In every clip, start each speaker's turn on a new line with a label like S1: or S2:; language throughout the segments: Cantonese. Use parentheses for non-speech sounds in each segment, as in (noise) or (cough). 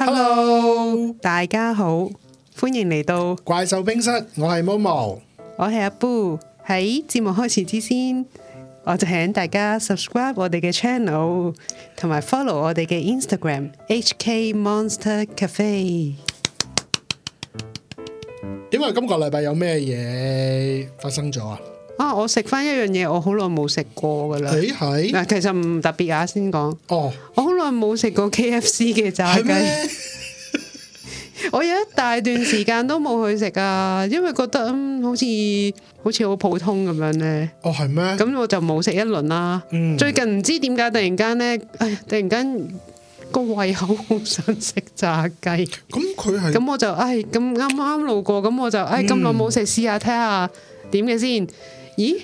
S1: Hello，大家好，歡迎嚟到怪獸冰室。我係 Momo，我係 Ar Boo。喺節目開始之前，我就請大家 subscribe 我哋嘅 channel，同埋 follow 我哋嘅 Instagram HK Monster Cafe。
S2: 點解？今個禮拜有咩嘢發生咗
S1: 啊？啊，我食翻一樣嘢，我好耐冇食過噶啦。誒，係嗱，其實唔特別啊，先講。哦，好。冇食過 KFC 嘅炸雞，嗎 (laughs) 我有一大段時間都冇去食啊，因為覺得、嗯、好似好似好普通咁樣咧。哦，係咩？咁我就冇食一輪啦。嗯、最近唔知點解突然間咧，哎，突然間個胃口好想食炸雞。咁佢係咁我就哎，咁啱啱路過，咁我就哎咁耐冇食，試下睇下點嘅先？咦？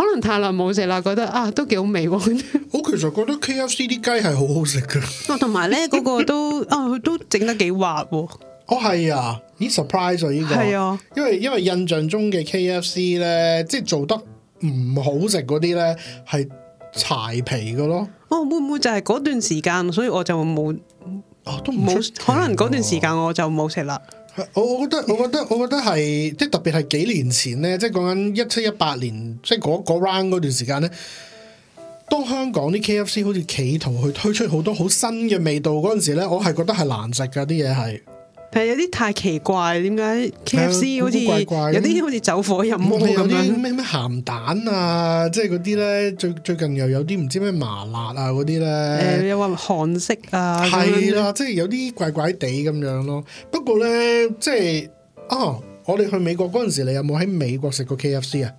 S1: 可能太耐冇食啦，覺得啊都幾好味喎。我其實覺得 K F C 啲雞係
S2: 好好食噶。哦，同埋咧嗰個都、哦、啊，都整得幾滑喎。哦係啊，咦 surprise 咗呢個係啊，因為因為印象中嘅 K F C 咧，即係做得唔好食嗰啲咧，係柴皮噶咯。哦，會唔會就係、是、嗰段時間，所以我就冇啊、哦、都冇。可能嗰段時間我就冇食啦。我我覺得我覺得我覺得係，即係特別係幾年前咧，即係講緊一七一八年，即係嗰嗰 round 嗰段時間咧，當香港啲 KFC 好似企圖去推出好多好新嘅味道嗰陣時咧，我係覺得係難食㗎啲嘢係。係有啲太奇怪，點解 KFC 好似有啲好似走火入魔咁樣？咩咩鹹蛋啊，即係嗰啲咧，最最近又有啲唔知咩麻辣啊嗰啲咧。誒、嗯、有話韓式啊？係啦、啊，即係有啲怪怪地咁樣咯。不過咧，即係啊、哦，我哋去美國嗰陣時，你有冇喺美國食過 KFC 啊？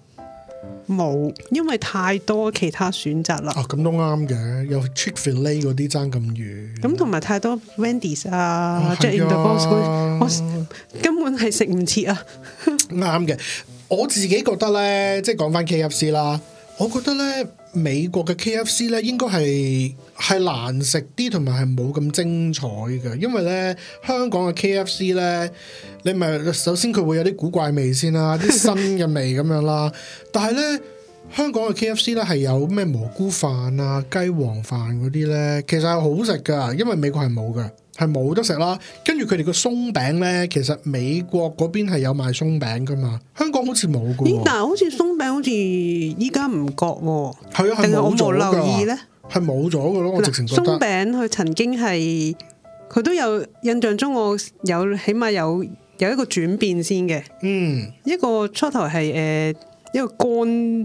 S2: 冇，因為太多其他選擇啦。哦，咁都啱嘅，有 Chick-fil-A 嗰啲爭咁遠。咁同埋太多 Wendy's 啊即係 Jack in the Box，我根本係食唔切啊。啱 (laughs) 嘅、嗯，我自己覺得咧，即係講翻 KFC 啦。我覺得咧，美國嘅 K F C 咧，應該係係難食啲，同埋係冇咁精彩嘅，因為咧香港嘅 K F C 咧，你咪首先佢會有啲古怪味先啦，啲新嘅味咁樣啦。 (laughs) 但係咧香港嘅 K F C 咧係有咩蘑菇飯啊、雞黃飯嗰啲咧，其實係好食噶，因為美國係冇嘅。係冇得食啦，跟住佢哋個鬆餅咧，其實美國嗰邊係有賣鬆餅噶嘛，香港好似冇嘅。咦？但係
S1: 好似鬆餅好似依家唔覺
S2: 喎，係啊，定係我冇留意咧？係冇咗嘅咯，我直情覺得。鬆
S1: 餅佢曾經係，佢都有印象中我有起碼有有一個轉變先嘅。嗯，一個初頭係誒一個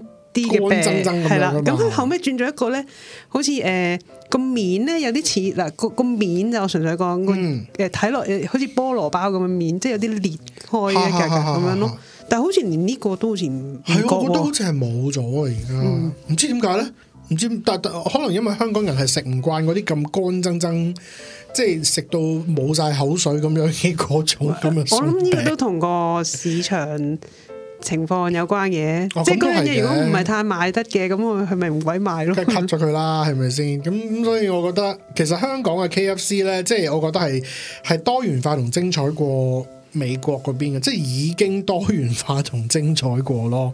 S1: 干。係啦，咁佢後尾轉咗一個咧，好似誒個面咧有啲似嗱個個面就純粹講，誒睇落好似菠蘿包咁嘅面，嗯、即係有啲裂開嘅。咁樣咯。啊啊、
S2: 但係好似連呢個都好似係我都好似係冇咗啊！而家唔知點解咧？唔知但，但可能因為香港人係食唔慣嗰啲咁乾蒸蒸，即係食到冇晒口水咁樣嘅果醬咁樣。我諗呢個都同個市場。 (laughs) 情況
S1: 有關嘅，哦、即係如果唔係太賣得嘅，
S2: 咁佢咪唔鬼賣咯？即係 cut 咗佢啦，係咪先？咁咁，所以我覺得其實香港嘅 K F C 咧，即係我覺得係係多元化同精彩過美國嗰邊嘅，即係已經多元化同精彩過咯。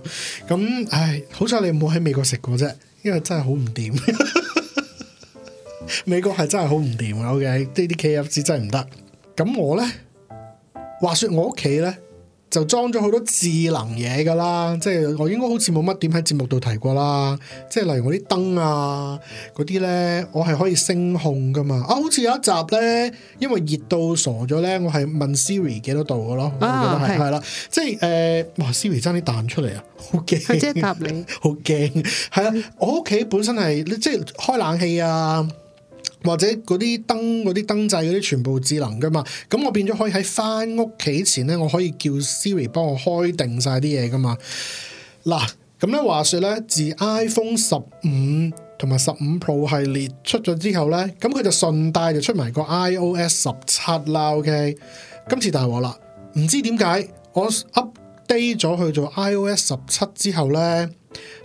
S2: 咁唉，好彩你冇喺美國食過啫，因為真係好唔掂。 (laughs) 美國係真係好唔掂，O K，我呢啲 K F C 真係唔得。咁我咧，話說我屋企咧。就裝咗好多智能嘢噶啦，即係我應該好似冇乜點喺節目度提過啦。即係例如我啲燈啊，嗰啲咧，我係可以聲控噶嘛。啊，好似有一集咧，因為熱到傻咗咧，我係問 Siri 幾多度噶咯，我覺得係係啦。即係誒、呃，哇，Siri 爭啲彈出嚟啊，好驚。佢即係答你，好驚。係啊，我屋企本身係，即係開冷氣啊。或者嗰啲燈、嗰啲燈掣、嗰啲全部智能噶嘛，咁我變咗可以喺返屋企前咧，我可以叫 Siri 幫我開定晒啲嘢噶嘛。嗱，咁咧話說咧，自 iPhone 十五同埋十五 Pro 系列出咗之後咧，咁佢就順帶就出埋個 iOS 十七啦。OK，今次大鑊啦，唔知點解我 update 咗去做 iOS 十七之後咧，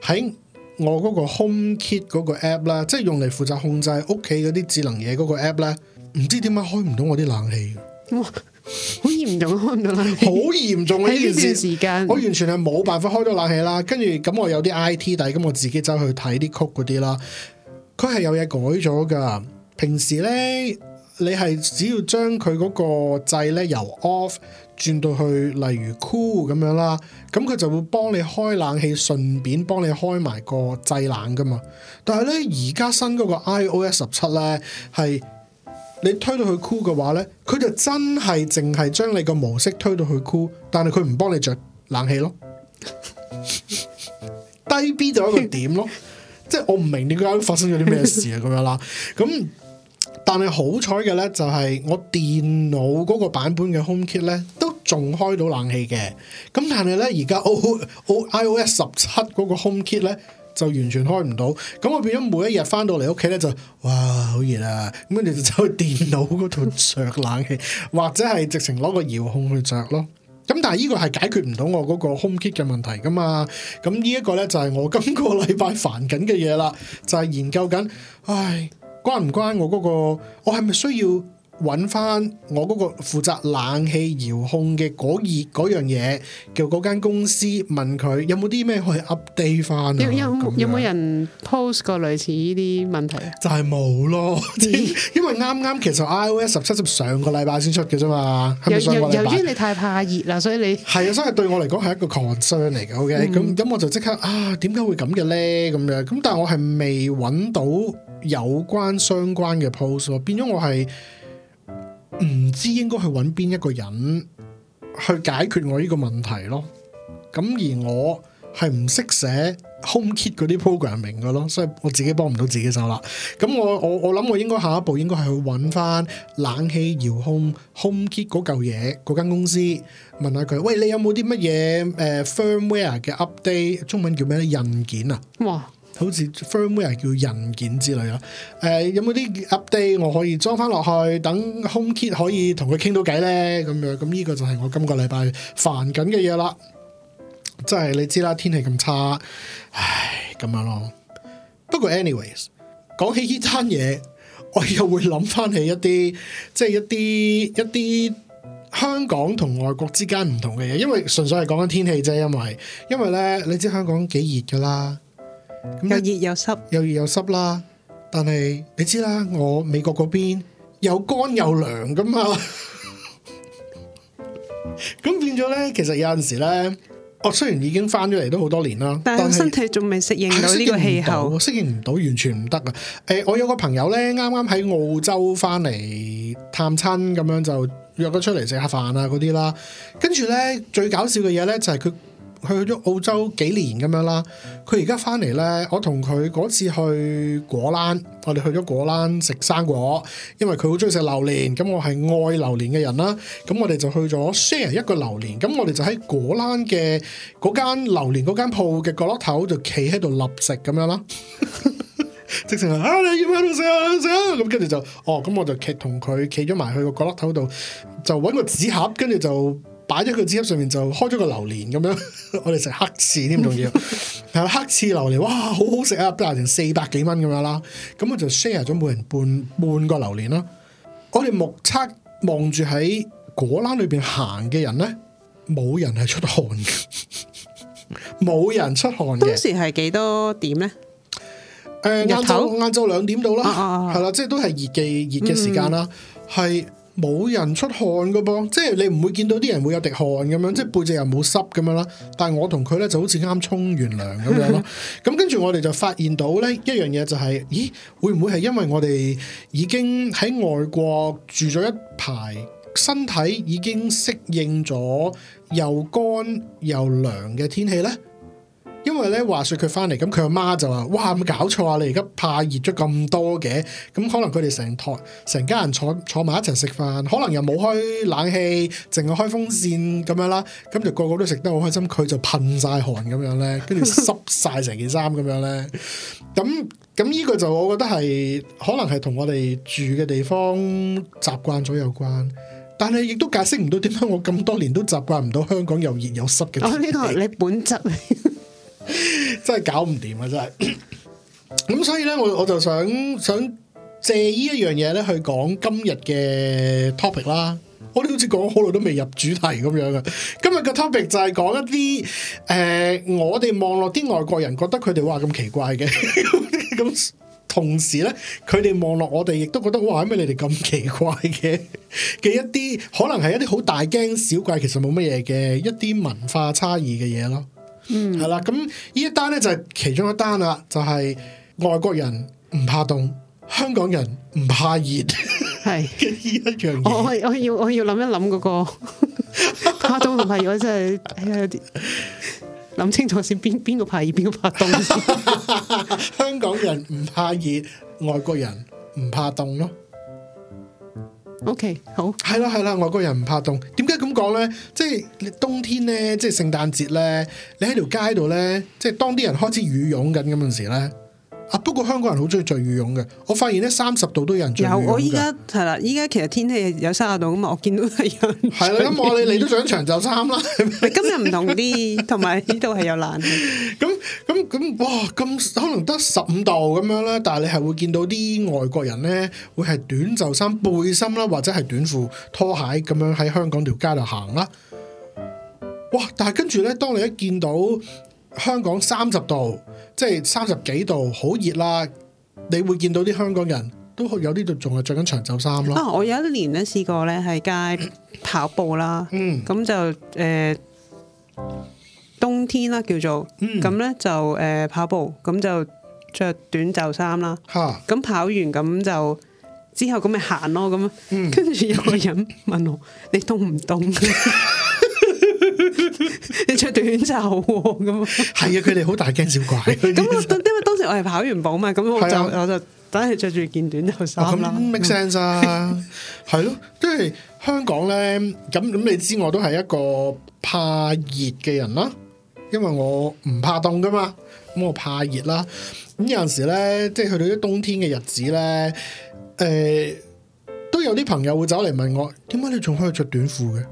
S2: 喺我嗰個 HomeKit 嗰個 app 啦，即係用嚟負責控制屋企嗰啲智能嘢嗰個 app 咧，唔知點解開唔到我啲冷氣，好嚴重開唔到冷氣，好嚴重啊，呢段時間，我完全係冇辦法開到冷氣啦。跟住咁我有啲 IT 底，咁我自己走去睇啲曲嗰啲啦，佢係有嘢改咗㗎。平時咧，你係只要將佢嗰個掣咧由 off。轉到去例如 cool 咁樣啦，咁佢就會幫你開冷氣，順便幫你開埋個製冷噶嘛。但係咧，而家新嗰個 iOS 十七咧，係你推到去 cool 嘅話咧，佢就真係淨係將你個模式推到去 cool，但係佢唔幫你着冷氣咯。 (laughs) (laughs) 低 B 就一個點咯， (laughs) 即係我唔明點解發生咗啲咩事啊咁樣啦，咁。但係好彩嘅咧，就係我電腦嗰個版本嘅 HomeKit 咧，都仲開到冷氣嘅。咁但係咧，而家 iOS 17嗰個 HomeKit 咧，就完全開唔到。咁我變咗每一日翻到嚟屋企咧，就哇好熱啊！咁我哋就走去電腦嗰度着冷氣， (laughs) 或者係直情攞個遙控去着咯。咁但係呢個係解決唔到我嗰個 HomeKit 嘅問題噶嘛？咁呢一個咧就係我今個禮拜煩緊嘅嘢啦，就係、是、研究緊，唉。關唔關我嗰、嗰個？我係咪需要揾翻我嗰個負責冷氣遙控嘅嗰熱嗰樣嘢？叫嗰間公司問佢有冇啲咩可以 update 翻、啊？有樣有有冇人 post 過類似呢啲問題？就係冇咯，咦因為啱啱其實 iOS 十七十上個禮拜先出嘅啫嘛。由由由於你太怕熱啦，所以你係啊，所以對我嚟講係一個 concern 嚟嘅。OK，咁咁我就即刻啊，點解會咁嘅咧？咁樣咁，但係我係未揾到。有關相關嘅 post 咯，變咗我係唔知應該去搵邊一個人去解決我呢個問題咯。咁而我係唔識寫 home kit 嗰啲 programming 嘅咯，所以我自己幫唔到自己手啦。咁我我我諗我應該下一步應該係去搵翻冷氣遙控 home kit 嗰嚿嘢嗰間公司問，問下佢，喂，你有冇啲乜嘢誒 firmware 嘅 update？中文叫咩咧？韌件啊？哇！好似 firmware 叫人件之類啊，誒、呃、有冇啲 update 我可以裝翻落去，等 home kit 可以同佢傾到偈咧咁樣，咁呢個就係我今個禮拜煩緊嘅嘢啦。即係你知啦，天氣咁差，唉咁樣咯。不過 anyways，講起呢單嘢，我又會諗翻起一啲，即係一啲一啲香港同外國之間唔同嘅嘢，因為純粹係講緊天氣啫。因為因為咧，你知香港幾熱㗎啦。又熱又濕，又熱又濕啦！但係你知啦，我美國嗰邊又乾又涼㗎嘛。咁 (laughs) 變咗咧，其實有陣時咧，我雖然已經翻咗嚟都好多年啦，但係是是我身體仲未適應到呢個氣候，適、啊、應唔到，到，完全唔得啊！誒、欸，我有個朋友咧，啱啱喺澳洲翻嚟探親咁樣，就約咗出嚟食下飯啊嗰啲啦，跟住咧最搞笑嘅嘢咧就係佢。去咗澳洲幾年咁樣啦，佢而家翻嚟咧，我同佢嗰次去果欄，我哋去咗果欄食生果，因為佢好中意食榴蓮，咁我係愛榴蓮嘅人啦，咁我哋就去咗 share 一個榴蓮，咁我哋就喺果欄嘅嗰間榴蓮嗰間鋪嘅角落頭就企喺度立食咁樣啦， (laughs) 直情啊，你要喺度食啊，食啊，咁跟住就，哦，咁我就同佢企咗埋去個角落頭度，就揾個紙盒，跟住就。擺咗佢紙盒上面就開咗個榴蓮咁樣，我哋食黑刺添仲要，係 (laughs) 黑刺榴蓮，哇，好好食啊！都成四百幾蚊咁樣啦，咁我就 share 咗每人半半個榴蓮啦。嗯、我哋目測望住喺果欄裏邊行嘅人咧，冇人係出汗嘅，冇 (laughs) 人出汗嘅。當時
S1: 係幾多點
S2: 咧？誒、呃，晏晝晏晝兩點到啦，係啦、啊啊，即係都係熱嘅熱嘅時間啦，係。冇人出汗㗎噃，即係你唔會見到啲人會有滴汗咁樣，即係背脊又冇濕咁樣啦。但係我同佢咧就好似啱沖完涼咁樣咯。咁跟住我哋就發現到咧一樣嘢、就係，就係咦會唔會係因為我哋已經喺外國住咗一排，身體已經適應咗又乾又涼嘅天氣咧？因為咧，話說佢翻嚟，咁佢阿媽就話：哇，有冇搞錯啊？你而家怕熱咗咁多嘅。咁可能佢哋成台成家人坐坐埋一齊食飯，可能又冇開冷氣，淨係開風扇咁樣啦，咁就個個都食得好開心，佢就噴晒汗咁樣咧，跟住濕晒成件衫咁樣咧，咁咁呢個就我覺得係可能係同我哋住嘅地方習慣咗有關，但係亦都解釋唔到點解我咁多年都習慣唔到香港又熱又濕嘅。我呢個係你本質。真係搞唔掂啊！真係咁， (coughs) 所以咧，我我就想想借呢一樣嘢咧去講今日嘅 topic 啦。我哋好似講好耐都未入主題咁樣嘅。今日嘅 topic 就係講一啲誒、呃，我哋望落啲外國人覺得佢哋話咁奇怪嘅咁， (laughs) 同時咧，佢哋望落我哋亦都覺得哇，咩你哋咁奇怪嘅嘅 (laughs) 一啲，可能係一啲好大驚小怪，其實冇乜嘢嘅一啲文化差異嘅嘢咯。嗯，係啦，咁呢一單咧就係、是、其中一單啦，就係、是、外國人唔怕凍，香港人唔怕熱，係呢是 (laughs) 一樣嘢。我我要我要諗一諗嗰、那個 (laughs) 怕凍唔怕熱，我真係哎呀，諗、哎、清楚先，邊邊個怕熱邊個怕凍？ (laughs) 香港人唔怕熱， (laughs) 外國人唔怕凍咯。O、okay, K，好，係啦係啦，外國人唔怕凍，點解咁講咧？即係你冬天咧，即係聖誕節咧，你喺條街度咧，即係當啲人開始羽絨緊咁陣時咧。啊！不過香港人好中意着羽絨嘅，我發現咧三十度都有人着羽絨。有我依
S1: 家係啦，依家其實天氣有卅度啊嘛，我見到係有。係啦，咁我你你都著長袖衫啦。
S2: 今日唔同啲，同埋呢度係有冷。咁咁咁哇，咁、嗯、可能得十五度咁樣啦。但係你係會見到啲外國人咧，會係短袖衫、背心啦，或者係短褲、拖鞋咁樣喺香港條街度行啦。哇！但係跟住咧，當你一見到。香港三十度，即係三十幾度，好熱啦！你會見到啲香港人都有呢度仲係着緊長袖衫咯。啊，
S1: 我有一年咧試過咧喺街跑步啦，咁、嗯、就誒、呃、冬天啦叫做，咁咧、嗯、就誒、呃、跑步，咁就着短袖衫啦。吓咁哈跑完咁就之後，咁咪行咯，咁、嗯、跟住有個人問我你凍唔凍？ (laughs) (laughs) 你着短袖咁，係啊！佢哋好大驚小怪。咁啊， (laughs) 因為當時我係跑完步嘛，咁 (laughs) 我就我就真
S2: 係着住件短袖衫啦。make sense (laughs) 啊，係 (laughs) 咯，即係香港咧，咁咁你知我都係一個怕熱嘅人啦，因為我唔怕凍噶嘛，咁我怕熱啦。咁有陣時咧，即係去到啲冬天嘅日子咧，誒、欸，都有啲朋友會走嚟問我，點解你仲可以着短褲嘅？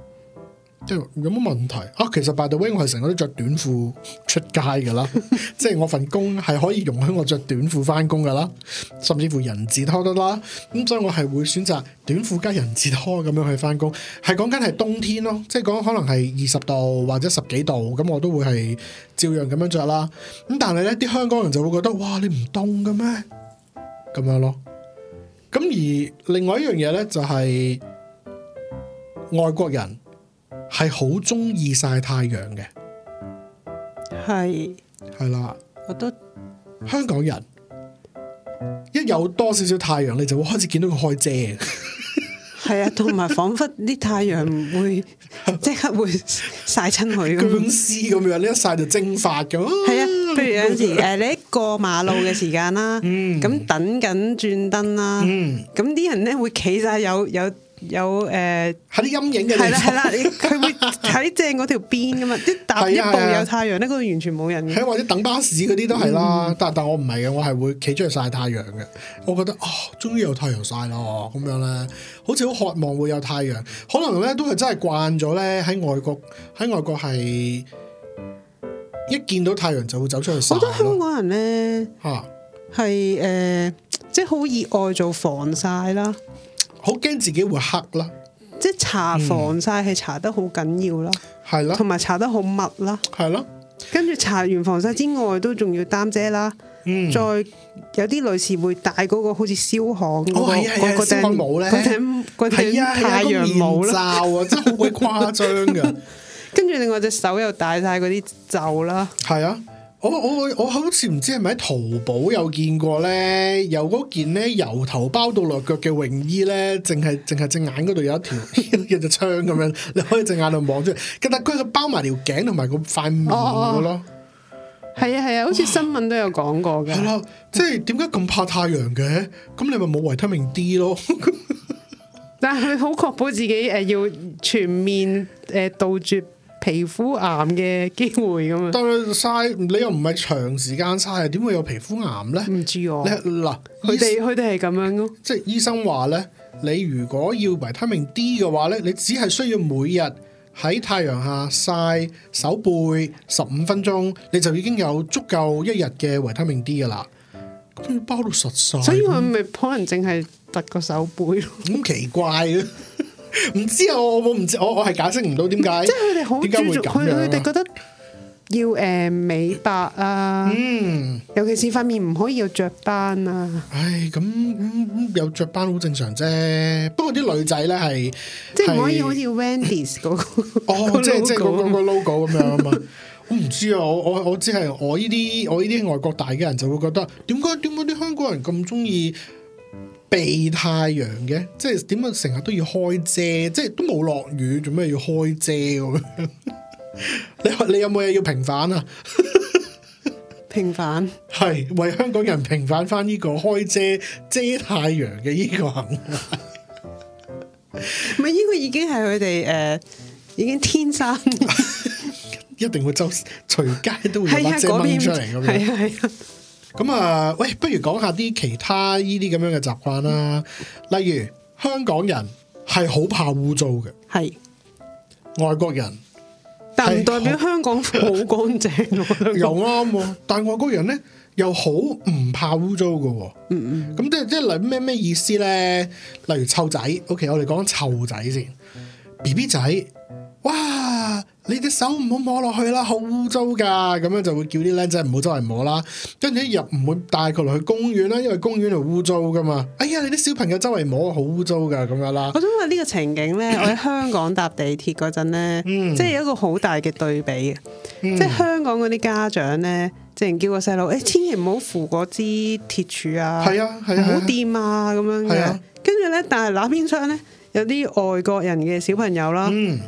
S2: 有乜問題啊？其實 by the way 我係成日都着短褲出街噶啦， (laughs) 即係我份工係可以容許我着短褲翻工噶啦，甚至乎人字拖得啦。咁、嗯、所以我係會選擇短褲加人字拖咁樣去翻工，係講緊係冬天咯，即係講可能係二十度或者十幾度，咁我都會係照樣咁樣着啦。咁、嗯、但係咧，啲香港人就會覺得哇，你唔凍嘅咩？咁樣咯。咁而另外一樣嘢咧，就係、是、外國人。係好中意曬太陽嘅，係係是啦，我覺得都香港人一有多少少太陽，你就會開始見到佢開遮嘅，係 (laughs) 啊，同埋彷彿啲太陽會即刻會曬親佢，佢咁絲咁樣，樣你一曬就蒸發咁。
S1: 係啊，譬、啊、如有時誒、啊，你過馬路嘅時間啦，咁、嗯、等緊轉燈啦，咁啲、嗯、人咧會企晒有有。有有有誒，喺、呃、啲陰影嘅，係啦，係啦，佢會喺正嗰條邊噶嘛，一 (laughs) 的搭一步有太陽咧，嗰度的完全冇人。係或者等巴士嗰啲都係啦，
S2: 嗯、但但我唔係嘅，我係會企出去晒太陽嘅。我覺得啊、哦，終於有太陽曬咯，咁樣咧，好似好渴望會有太陽。可能咧都係真係慣咗咧，喺外國喺外國係一見到太陽就會走出去曬。好多香港人咧嚇
S1: 係誒，即係好熱愛做防曬啦。好驚自己會黑啦，即係搽防曬係搽得好緊要啦，係啦，同埋搽得好密啦，係咯。跟住搽完防曬之外，都仲要擔遮啦，嗯，再有啲女士會戴嗰個好似燒焊咁嘅嗰頂帽咧，嗰頂嗰頂太陽帽啦，真
S2: 係好鬼誇張噶。
S1: 跟住另外隻
S2: 手又戴晒嗰啲袖啦，係啊。我我、哦、我好似唔知係咪喺淘寶有見過咧，由嗰件咧由頭包到落腳嘅泳衣咧，淨係淨係隻眼嗰度有一條有 (laughs) 一隻窗咁樣，你可以隻眼度望出嚟。但佢包埋條頸同埋個塊面嘅、哦哦、咯。係啊係啊， (laughs) 好似新聞都有講過嘅。係啦、 (laughs) 啊，即係點解咁怕太陽嘅？咁你咪冇維他命 D 咯？ (laughs) (laughs) 但係好確保自己誒要全面誒杜絕。呃呃 Tri 皮膚癌嘅機會咁樣！但係曬你又唔係長時間曬，點會有皮膚癌咧？唔知啊！嗱你，佢哋佢哋係咁樣咯。即係醫生話咧，你如果要維他命 D 嘅話咧，你只係需要每日喺太陽下曬手背十五分鐘，你就已經有足夠一日嘅維他命 D 噶啦。咁要包到實晒，所以佢咪可能淨係得個手背咯？咁、嗯、奇怪啊！ (laughs) 唔 (laughs) 知，知啊，我我唔知，我我係解釋唔到點解。即係佢哋好專注，佢佢哋覺得
S1: 要誒美白啊，嗯，尤其是塊面唔
S2: 可以有雀斑啊。唉、咁、嗯、咁、嗯、有雀斑好正常啫，啊。不過啲女仔咧係，即係唔可以好似 Wendy's 嗰、那個。 (laughs) (laughs) 哦，即係即係嗰、那個那個 logo 咁樣啊嘛。 (laughs) 我唔知啊，我我我只係我呢啲我呢啲外國大嘅人就會覺得，點解點解啲香港人咁中意避太陽嘅，即係點解成日都要開遮？即係都冇落雨，做咩要開遮咁樣？你 (laughs) 你有冇嘢要平反啊？ (laughs) 平反。係，為香港人平反翻呢個開遮遮太陽嘅呢個行
S1: 為。唔係呢個已經係佢哋誒，已經天生，
S2: (laughs) (laughs) 一定會走，隨街都會把遮掹出嚟咁樣。 (laughs) 咁啊，喂，不如講下啲其他依啲咁樣嘅習慣啦。例如香港人係好怕污糟嘅，係是外國人，但唔代表香港好乾淨。又啱、 (laughs) 啊，但外國人咧又好唔怕污糟嘅。嗯嗯，咁即係即係諗咩咩意思咧？例如臭仔，OK，我哋講臭仔先，B B 仔，哇！你隻手唔好摸落去啦，好污糟噶，咁樣就會叫啲靚仔唔好周圍摸啦。跟住一日唔會帶佢落去公園啦，因為公園係污糟噶嘛。哎呀，你啲小朋友周圍摸好污糟噶咁樣
S1: 啦。我想話呢個情景咧， (laughs) 我喺香港搭地鐵嗰陣咧，嗯、即係有一個好大嘅對比、嗯、即係香港嗰啲家長咧，直情叫個細路誒，千祈唔好扶嗰支鐵柱啊，係啊，係啊，好掂啊，咁樣嘅。跟住咧，但係那邊窗咧有啲外國人嘅小朋友啦。嗯嗯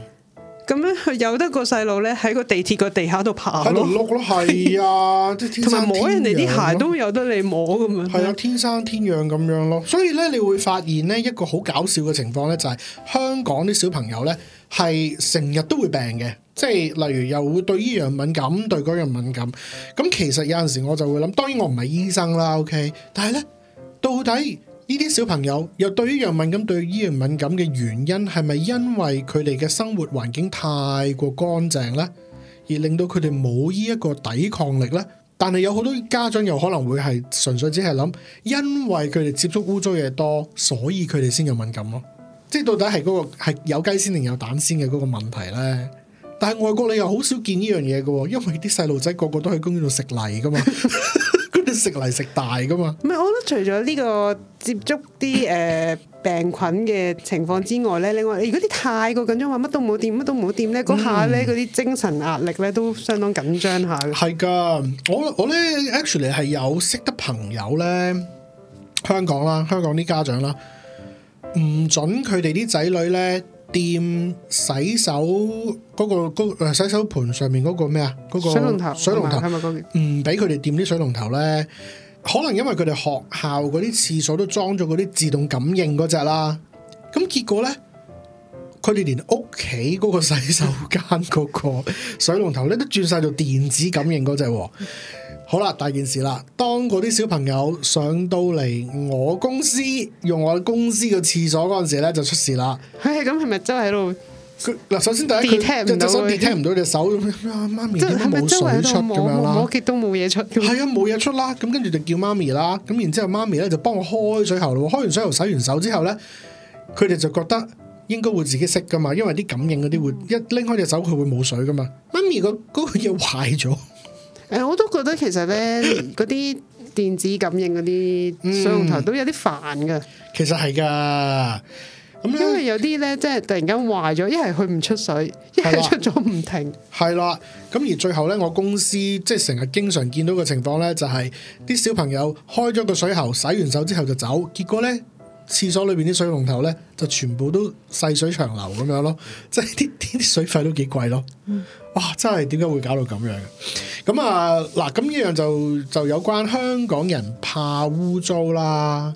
S1: 咁樣佢有得個細路咧喺個地鐵個地下度爬咯，係啊，啲 (laughs) 天生天，同埋摸人哋啲鞋
S2: 都有得你摸咁樣。係 (laughs) 啊，天生天養咁樣咯，所以咧你會發現咧一個好搞笑嘅情況咧，就係香港啲小朋友咧係成日都會病嘅，即係例如又會對呢樣敏感，對嗰樣敏感。咁其實有陣時我就會諗，當然我唔係醫生啦，OK，但係咧到底？呢啲小朋友又對於呢樣敏感對呢樣敏感嘅原因係咪因為佢哋嘅生活環境太過乾淨呢？而令到佢哋冇呢一個抵抗力呢？但係有好多家長又可能會係純粹只係諗，因為佢哋接觸污糟嘢多，所以佢哋先有敏感咯。即係到底係嗰、嗰個係有雞先定有蛋先嘅嗰個問題呢？但係外國你又好少見呢樣嘢㗎，因為啲細路仔個個都喺公園度食泥噶嘛。 (laughs) 食嚟食大㗎嘛？
S1: 唔係，我覺得除咗呢個接觸啲誒、呃、病菌嘅情況之外咧，另外如果你太過緊張話，乜都冇掂，乜都冇掂咧，嗰下咧，嗰啲精神壓
S2: 力咧都相當緊張下嘅。係㗎，我我咧 actually 係有識得朋友咧，香港啦，香港啲家長啦，唔準佢哋啲仔女咧。掂洗手嗰個嗰，呃，洗手盆上面嗰個咩啊？嗰個水龍頭，水龍頭係咪嗰件？唔俾佢哋掂啲水龍頭咧，可能因為佢哋學校嗰啲廁所都裝咗嗰啲自動感應嗰隻啦。咁結果咧。佢哋連屋企嗰個洗手間嗰個水龍頭咧，都轉晒做電子感應嗰隻。好啦，大件事啦，當嗰啲小朋友上到嚟我公司用我公司嘅廁所嗰陣時咧，就出事啦。佢係咁，係咪真係喺度？嗱，首先第一佢就真係聽唔到隻手咁樣。媽咪即係冇水出咁樣啦？我極都冇嘢出。係啊，冇嘢出啦。咁跟住就叫媽咪啦。咁然之後媽咪咧就幫我開水喉啦。開完水喉洗完手之後咧，佢哋就覺得。應該會自己識噶嘛，因為啲感應嗰啲會一拎開隻手，佢會冇水噶嘛。媽咪個嗰個嘢壞咗。誒， (laughs) (laughs) 我都覺得其實咧，啲電
S1: 子感應嗰啲水龍頭都有啲煩噶、嗯。其實係噶，嗯、
S2: 因為有啲咧，即係突然間壞咗，一係佢唔出水，一係了出咗唔停。係啦，咁而最後咧，我公司即係成日經常見到嘅情況咧，就係、是、啲小朋友開咗個水喉，洗完手之後就走，結果咧。廁所裏邊啲水龍頭咧，就全部都細水長流咁樣咯，即係啲啲水費都幾貴咯。哇，真係點解會搞到咁樣嘅？咁啊嗱，咁呢樣就就有關香港人怕污糟啦。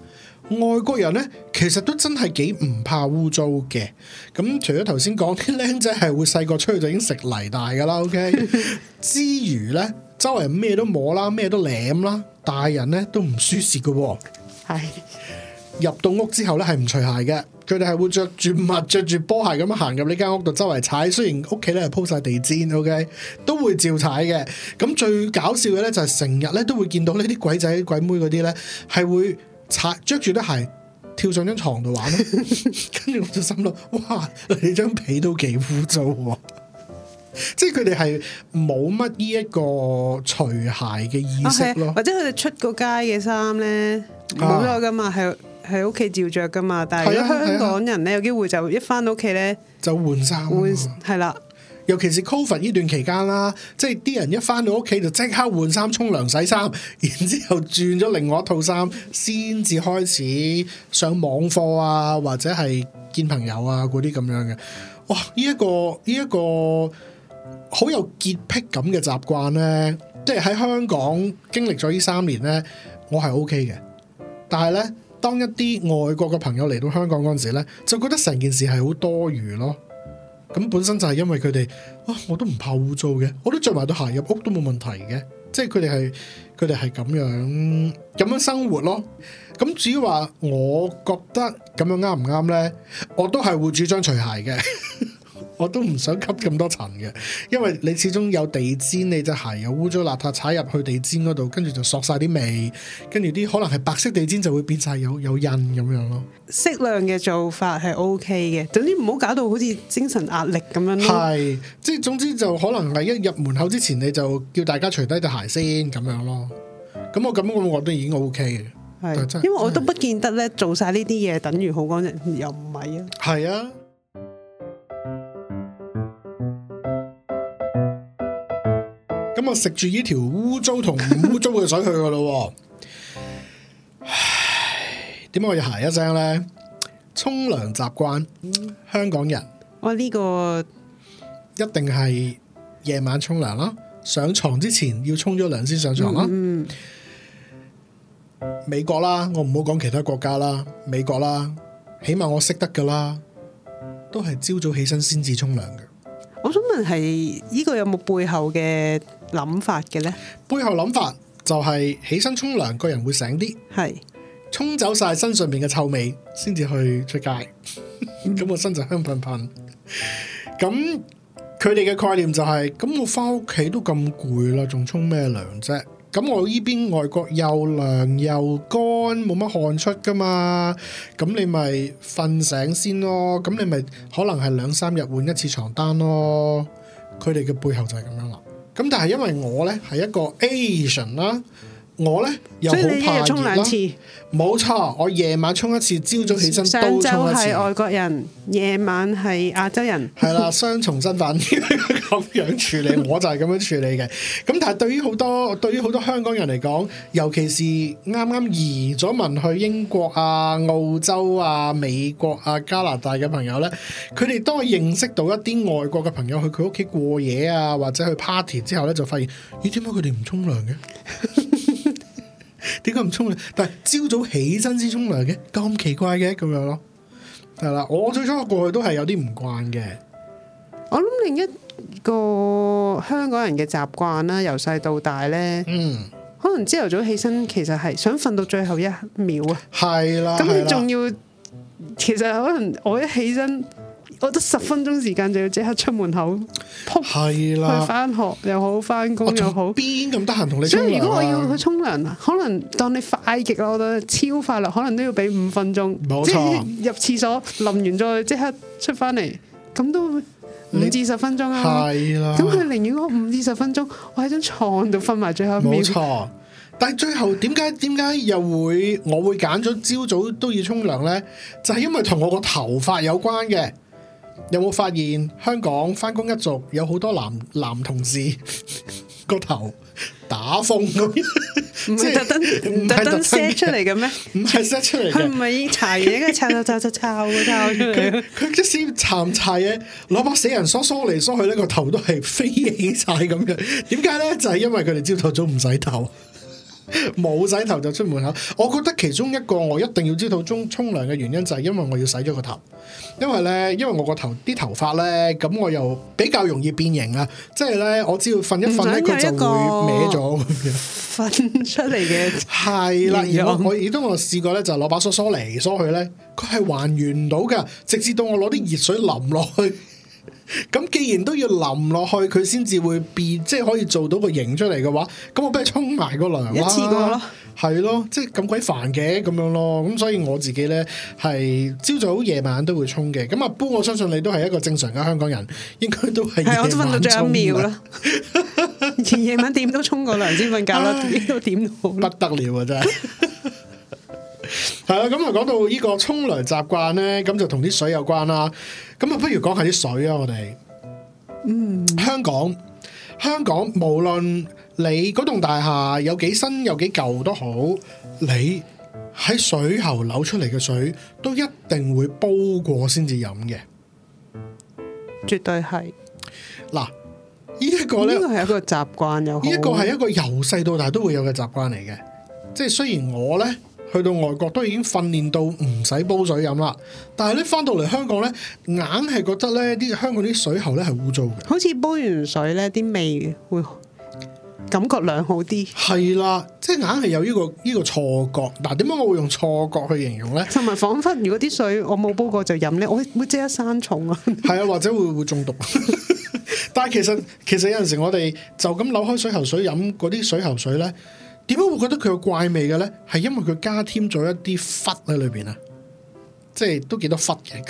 S2: 外國人咧，其實都真係幾唔怕污糟嘅。咁除咗頭先講啲僆仔係會細個出去就已經食泥大噶啦，OK。 (laughs) 之餘咧，周圍咩都摸啦，咩都舐啦，大人咧都唔輸蝕噶喎。係。 (laughs) 入到屋之後咧係唔除鞋嘅，佢哋係會着住襪、着住波鞋咁樣行入呢間屋度周圍踩。雖然屋企咧係鋪晒地氈，OK，都會照踩嘅。咁最搞笑嘅咧就係成日咧都會見到呢啲鬼仔、鬼妹嗰啲咧係會踩着住啲鞋跳上張床度玩咯。 (laughs) (laughs) 跟住我就心諗，哇，你張被都幾污糟， (laughs) 即係佢哋係冇乜呢一個除鞋嘅意識咯、啊，
S1: 或者佢哋出過街嘅衫咧冇咗噶嘛，係。喺屋企照着噶嘛，但係香港人咧、啊啊、
S2: 有機會就一翻到屋企咧就換衫、啊，係啦。啊、尤其是 COVID 呢段期間啦，即係啲人一翻到屋企就即刻換衫、沖涼、洗衫，然之後轉咗另外一套衫，先至開始上網課啊，或者係見朋友啊嗰啲咁樣嘅。哇！呢、呢、一個呢一、呢個好有潔癖感嘅習慣咧，即係喺香港經歷咗呢三年咧，我係 O K 嘅，但係咧。當一啲外國嘅朋友嚟到香港嗰陣時咧，就覺得成件事係好多餘咯。咁本身就係因為佢哋啊，我都唔怕污糟嘅，我都着埋對鞋入屋都冇問題嘅。即係佢哋係佢哋係咁樣咁樣生活咯。咁至於話我覺得咁樣啱唔啱咧，我都係會主張除鞋嘅。 (laughs) 我都唔想吸咁多塵嘅，因為你始終有地氈，你隻鞋有污糟邋遢，踩入去地氈嗰度，跟住就索晒啲味，跟住啲可能係白色地氈就會變晒有有印咁樣咯。
S1: 適量嘅做法係 O
S2: K 嘅，總之唔好搞到好似精神壓力咁樣。係，即係總之就可能係一入門口之前，你就叫大家除低對鞋先咁樣咯。咁我咁樣我覺得我都已經 O K 嘅，係是，因為我都不見得咧是做晒呢啲嘢，等於好乾淨又唔係啊，係啊。咁我食住呢條污糟同污糟嘅水去噶咯，唉，點解我要行一聲呢？沖涼習慣香港人，我呢個一定係夜晚沖涼啦，上床之前要沖咗涼先上床啦。嗯、美國啦，我唔好講其他國家啦，美國啦，起碼我識得噶啦，都係朝早起身先至沖涼嘅。我想問係呢個有冇背後嘅？諗法嘅咧，背後諗法就係起身沖涼，個人會醒啲，係沖是走晒身上面嘅臭味，先至去出街。咁 (laughs) 我身就香噴噴。咁佢哋嘅概念就係、是、咁，我翻屋企都咁攰啦，仲沖咩涼啫？咁我呢邊外國又涼又乾，冇乜汗出噶嘛？咁你咪瞓醒先咯。咁你咪可能係兩三日換一次床單咯。佢哋嘅背後就係咁樣啦。咁但係，因為我咧係一個 Asian 啦。我呢，有好以怕熱，所以你一日沖兩次，冇錯，我夜晚沖一次，朝早起身都沖一次，係外
S1: 國人，夜晚係亞洲人。
S2: 係 (laughs) 啦，雙重身份咁樣處理，我就係咁樣處理嘅。咁 (laughs) 但係對於好多對於好多香港人嚟講，尤其是啱啱移咗民去英國啊、澳洲啊、美國啊、加拿大嘅朋友呢，佢哋當我認識到一啲外國嘅朋友去佢屋企過夜啊，或者去 party 之後呢，就發現，咦，點解佢哋唔沖涼嘅？欸 (laughs) 點解唔沖涼？但係朝早起身先沖涼嘅？咁奇怪嘅咁樣咯，係啦。我最初過去都係有啲唔慣嘅。我諗另一個
S1: 香港人嘅習慣啦，由細到大咧，嗯，可能朝頭早起身其實係想瞓到最後一秒啊，係啦，咁仲要，啦其實可能我一起身。我得十分鐘時間就要即刻出門口，
S2: 係啦，的去返
S1: 學又好，返工又好，邊咁得閒同你、啊？所以如果我要去沖涼啊，可能當你快極啦，我覺得超快啦，可能都要俾五分鐘。錯即係，入廁所淋完再即刻出返嚟，咁都五至十分鐘你啊。係啦的，咁佢寧願我
S2: 五至十分鐘，我喺張牀度瞓埋最後一秒。冇錯，但係最後點解點解又會我會揀咗朝早都要沖涼咧？就係、是、因為同我個頭髮有關嘅。有冇發現香港翻工一族有好多男男同事個頭打風咁，即係特登 (laughs) 特登 set 出嚟嘅咩？唔係 set 出嚟嘅，
S1: 唔係擦嘢嘅，耖耖耖耖
S2: 耖佢。佢一先鏟茶嘢，攞把死人梳梳嚟梳去呢個頭都係飛起晒咁嘅。點解咧？就係、是、因為佢哋朝頭早唔洗頭。冇洗頭就出門口，我覺得其中一個我一定要知道沖沖涼嘅原因就係因為我要洗咗個頭，因為咧，因為我個頭啲頭髮咧，咁我又比較容易變形啦、啊，即係咧，我只要瞓一瞓咧，佢就會歪咗咁樣，瞓出嚟嘅係啦，然後我我亦都我試過咧，就攞、是、把梳梳嚟梳佢咧，佢係還原到噶，直至到我攞啲熱水淋落去。咁既然都要淋落去，佢先至會變，即係可以做到個形出嚟嘅話，咁我不如沖埋個涼。一次過咯，係咯，即係咁鬼煩嘅，咁樣咯。咁所以我自己咧係朝早夜晚都會沖嘅。咁阿波，我相信你都係一個正常嘅香港人，應該都係係，我都瞓到最後一秒啦。 (laughs) (laughs) 夜晚點都沖個涼先瞓覺啦，點都點到不得了啊！真係。 (laughs) 係啦，咁啊講到呢個沖涼習慣呢，咁就同啲水有關啦。咁啊，不如講下啲水啊，我哋，嗯，香港，香港無論你嗰棟大廈有幾新有幾舊都好，你喺水喉流出嚟嘅水都一定會煲過先至飲嘅，絕對係。嗱，呢一個呢，呢個係一個習慣，有呢一個係一個由細到大都會有嘅習慣嚟嘅，即係雖然我呢。去到外國都已經訓練到唔使煲水飲啦，但係咧翻到嚟香港咧，硬係覺得咧啲香港啲水喉咧係污糟嘅。好似煲完水咧，啲味會感覺良好啲。係啦，即係硬係有呢個呢個錯覺。嗱、啊，點解我會用錯覺去形容咧？同埋，仿佛如果啲水我冇煲過就飲咧，我會會即刻生蟲啊！係 (laughs) 啊，或者會會中毒。 (laughs) 但係其實其實有陣時我哋就咁扭開水喉水飲嗰啲水喉水咧。點解會覺得佢有怪味嘅咧？係因為佢加添咗一啲忽喺裏邊啊，即係都幾多忽嘅，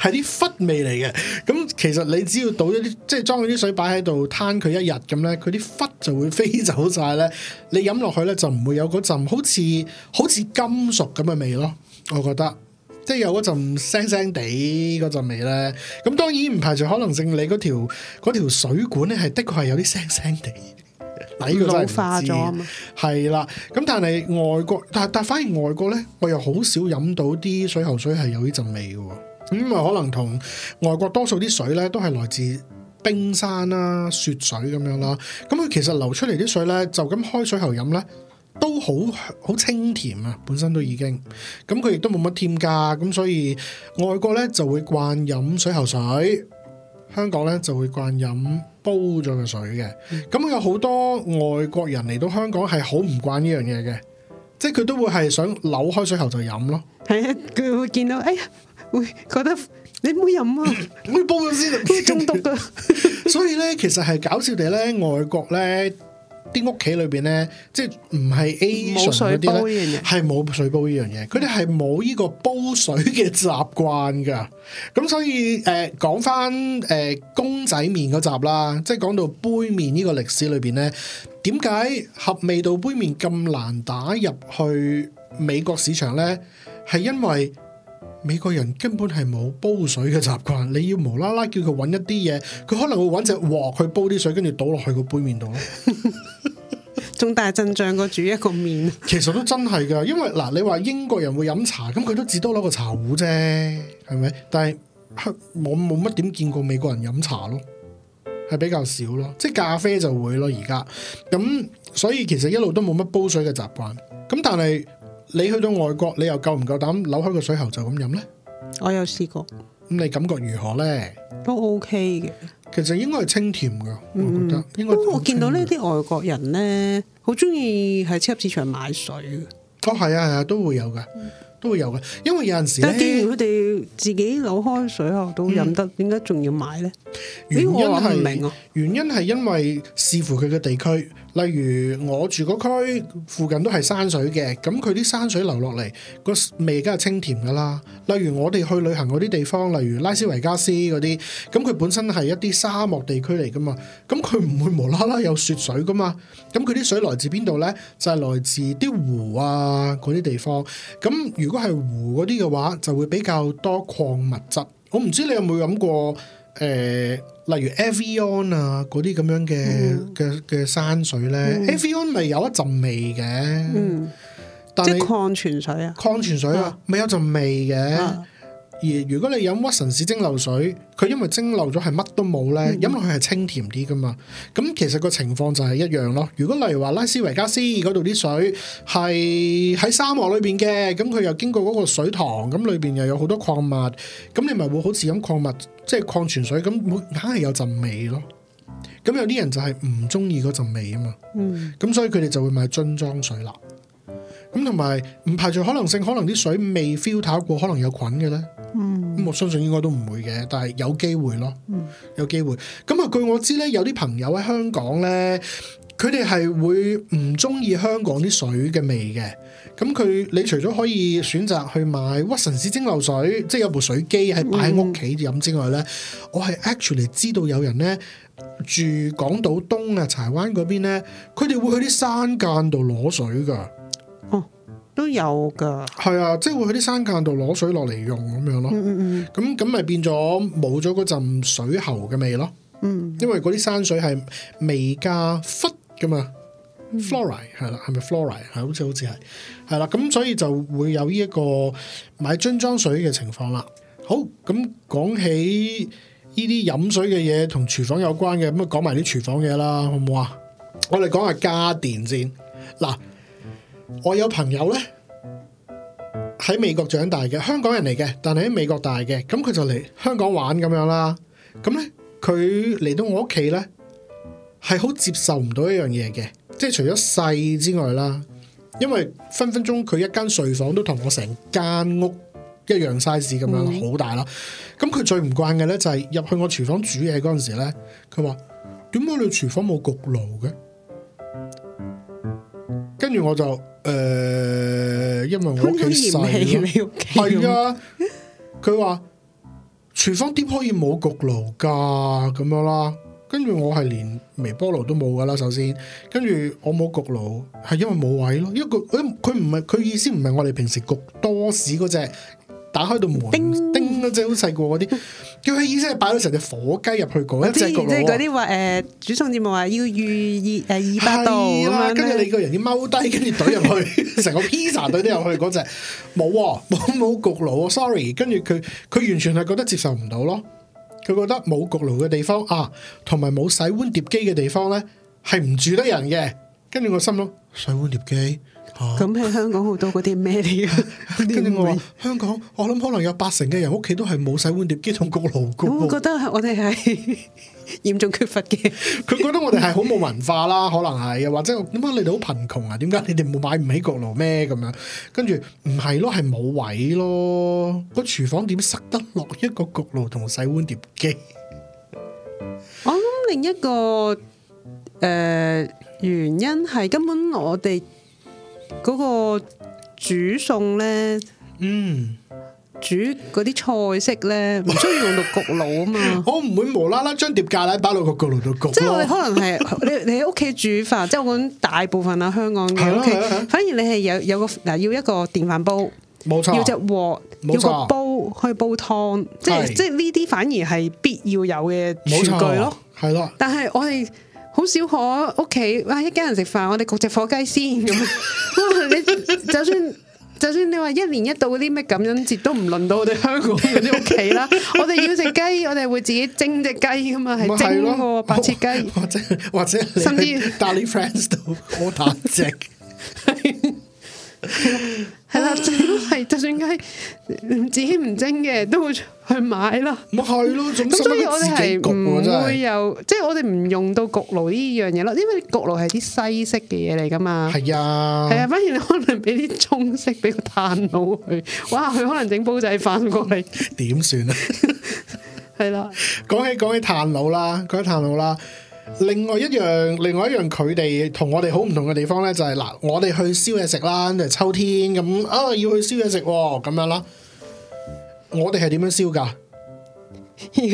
S2: 係啲忽味嚟嘅。咁其實你只要倒一啲，即係裝咗啲水擺喺度，攤佢一日咁咧，佢啲忽就會飛走晒咧。你飲落去咧就唔會有嗰陣好似好似金屬咁嘅味咯。我覺得即係有嗰陣腥腥地嗰陣味咧。咁當然唔排除可能性，你嗰條嗰條水管咧係的確係有啲腥腥地。老化咗係啦，咁但係外國，但但反而外國咧，我又好少飲到啲水喉水係有呢陣味嘅。因為，可能同外國多數啲水咧都係來自冰山啦、啊、雪水咁樣啦、啊。咁佢其實流出嚟啲水咧，就咁開水喉飲咧，都好好清甜啊！本身都已經，咁佢亦都冇乜添加，咁所以外國咧就會慣飲水喉水。香港咧就會慣飲煲咗嘅水嘅，咁有好多外國人嚟到香港係好唔慣呢樣嘢嘅，即係佢都會係想扭開水喉就飲咯。係啊，佢會見到，哎呀，會覺得你唔好飲啊，唔要 (laughs) 煲咗先，會中毒噶。所以咧，其實係搞笑地咧，外國咧。啲屋企裏邊咧，即係唔係 action 嗰啲咧，係冇水煲呢樣嘢，佢哋係冇呢個煲水嘅習慣噶。咁所以，誒講翻誒公仔麵嗰集啦，即係講到杯麵呢個歷史裏邊咧，點解合味道杯麵咁難打入去美國市場咧？係因為。美國人根本係冇煲水嘅習慣，你要無啦啦叫佢揾一啲嘢，佢可能會揾隻鑊去煲啲水，跟住倒落去個杯麵度咯，仲 (laughs) 大陣仗過煮一個麵。其實都真係噶，因為嗱，你話英國人會飲茶，咁佢都至多攞個茶壺啫，係咪？但係我冇乜點見過美國人飲茶咯，係比較少咯，即係咖啡就會咯而家。咁所以其實一路都冇乜煲水嘅習慣。咁但係。你去到外國，你又夠唔夠膽扭開個水喉就咁飲呢？我有試過，咁、嗯、你感覺如何呢？都 OK 嘅，其實應該係清甜噶，我
S1: 覺得。不過、嗯、我見到呢啲外國人呢，好中意喺超級市場
S2: 買水嘅。哦，係啊，係啊，都會有嘅，嗯、都會有嘅。因為有陣時，但係既然佢哋自己扭開水喉都飲得，點解仲要買呢？原因係明啊？原因係因為視乎佢嘅地區。例如我住嗰區附近都係山水嘅，咁佢啲山水流落嚟個味梗係清甜噶啦。例如我哋去旅行嗰啲地方，例如拉斯維加斯嗰啲，咁佢本身係一啲沙漠地區嚟噶嘛，咁佢唔會無啦啦有雪水噶嘛。咁佢啲水來自邊度呢？就係、是、來自啲湖啊嗰啲地方。咁如果係湖嗰啲嘅話，就會比較多礦物質。我唔知你有冇諗過。誒、呃，例如 Avion、e、啊，嗰啲咁樣嘅嘅嘅山水咧，Avion 咪有一陣味嘅，嗯、但你即礦泉水啊，礦泉水啊，咪、啊、有一陣味嘅。啊而如果你飲屈臣氏蒸餾水，佢因為蒸餾咗係乜都冇咧，飲落、嗯、去係清甜啲噶嘛。咁其實個情況就係一樣咯。如果例如話拉斯維加斯嗰度啲水係喺沙漠裏邊嘅，咁佢又經過嗰個水塘，咁裏邊又有好多礦物，咁你咪會好似飲礦物即係礦泉水咁，會硬係有陣味咯。咁有啲人就係唔中意嗰陣味啊嘛。咁、嗯、所以佢哋就會買樽裝水啦。咁同埋唔排除可能性，可能啲水未 filter 過，可能有菌嘅咧。咁、嗯嗯、我相信應該都唔會嘅，但係有機會咯，嗯、有機會。咁、嗯、啊，據我知咧，有啲朋友喺香港咧，佢哋係會唔中意香港啲水嘅味嘅。咁、嗯、佢，你、嗯嗯、除咗可以選擇去買屈臣氏蒸餾水，即係有部水機喺擺喺屋企飲之外咧，嗯、我係 actually 知道有人咧住港島東啊柴灣嗰邊咧，佢哋會去啲山澗度攞水噶。都有噶，係啊，即係會去啲山澗度攞水落嚟用咁樣咯。咁咁咪變咗冇咗嗰陣水喉嘅味咯。嗯、因為嗰啲山水係未加氟噶嘛 fluoride 係啦，係咪 fluoride 係好似好似係，係啦。咁所以就會有呢一個買樽裝水嘅情況啦。好，咁講起呢啲飲水嘅嘢同廚房有關嘅，咁啊講埋啲廚房嘢啦，好唔好啊？我哋講下家電先嗱。我有朋友咧，喺美國長大嘅，香港人嚟嘅，但係喺美國大嘅，咁佢就嚟香港玩咁樣啦。咁咧，佢嚟到我屋企咧，係好接受唔到一樣嘢嘅，即係除咗細之外啦，因為分分鐘佢一間睡房都同我成間屋一樣 size 咁樣，好、嗯、大啦。咁佢最唔慣嘅咧就係、是、入去我廚房煮嘢嗰陣時咧，佢話點解你廚房冇焗爐嘅？跟住我就。誒、呃，因為我屋企細咯，係啊，佢話廚房點可以冇焗爐噶咁樣啦？跟住我係連微波爐都冇噶啦，首先，跟住我冇焗爐，係因為冇位咯，因為佢，佢唔係佢意思唔係我哋平時焗多士嗰隻。打開到門，叮嗰隻好細個嗰啲，叫佢意思係擺咗成隻火雞入去嗰隻焗爐，之前即係嗰啲
S1: 話誒，煮餸節目話要預熱誒二百度咁樣，跟住啦你個
S2: 人要踎低，跟住懟入去成 (laughs) 個披薩懟啲入去嗰隻冇，冇、啊、焗爐，sorry，跟住佢佢完全係覺得接受唔到咯，佢覺得冇焗爐嘅地方啊，同埋冇洗碗碟機嘅地方咧係唔住得人嘅，跟住我心咯，洗碗碟機。咁喺、啊、香港好多嗰啲咩嚟？跟住 (laughs) 我話 (laughs) 香港，我諗可能有八成嘅人屋企都係冇洗碗碟機同焗爐嘅。我覺得我哋係 (laughs) 嚴重缺乏嘅。佢 (laughs) 覺得我哋係好冇文化啦，可能係，或者點解你哋好貧窮啊？點解你哋冇買唔起焗爐咩？咁樣跟住唔係咯，係冇位咯。個廚房點塞得落一個焗爐同洗碗碟機？我諗另一
S1: 個誒、呃、原因係根本我哋。嗰個煮餸咧，嗯，煮嗰啲
S2: 菜式咧，
S1: 唔需要
S2: 用到焗爐啊嘛。 (laughs) 我唔會無啦啦將碟咖喱擺落個焗爐度焗。即係我哋
S1: 可能係你你喺屋企煮飯，即係我大部分啊香港嘅屋企，啊啊啊、反而你係有有個啊要一個電飯煲，冇錯錯，要隻鑊，冇錯錯，煲去煲湯錯，即係即係呢啲反而係必要有嘅廚具咯。係咯。但係我哋。好少可屋企哇，家一家人食飯，我哋焗隻火雞先咁。 (laughs) (laughs) 你就算就算你話一年一度啲咩感恩節都唔輪到我哋香港嗰啲屋企啦。我哋要食雞，我哋會自己蒸隻雞㗎嘛，係蒸個
S2: 白切雞，或者或者甚至意大利粉都好難食。
S1: 係啦，仲都係，就算係自己唔精嘅，都會去買咯。咪係咯，咁所以我哋係唔會有，即係我哋唔用到焗爐呢樣嘢咯。因為焗爐係啲西式嘅嘢嚟噶嘛。係啊，係啊，反而
S2: 你可能俾啲中式俾個炭爐佢，哇，佢可能整煲仔飯過嚟，點算啊？係啦，講起講起炭爐啦，講起炭爐啦。另外一樣，另外一樣，佢哋同我哋好唔同嘅地方咧，就係、是、嗱，我哋去燒嘢食啦，就秋天咁啊，要去燒嘢食喎，咁樣啦。我哋係點樣燒㗎？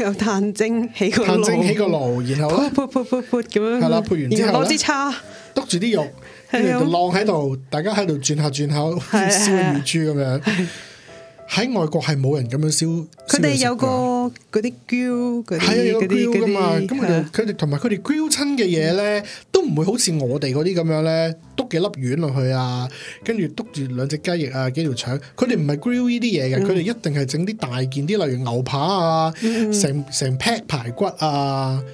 S2: 要炭精起個爐，炭精起個爐，然後呢，噗噗噗噗噗咁樣，係啦，潑完之後攞支叉，篤住啲肉，然後就晾喺度， (laughs) 的大家喺度轉下轉下，燒乳豬咁樣。喺外國係冇人咁樣燒，佢哋有個嗰啲 grill 嗰啲，係啊，有 grill 噶嘛，咁佢哋同埋佢哋 grill 親嘅嘢咧，都唔會好似我哋嗰啲咁樣咧，篤幾粒丸落去啊，跟住篤住兩隻雞翼啊，幾條腸，佢哋唔係 grill 呢啲嘢嘅，佢哋、嗯、一定係整啲大件啲，例如牛扒啊，成、嗯、成 pack 排骨啊，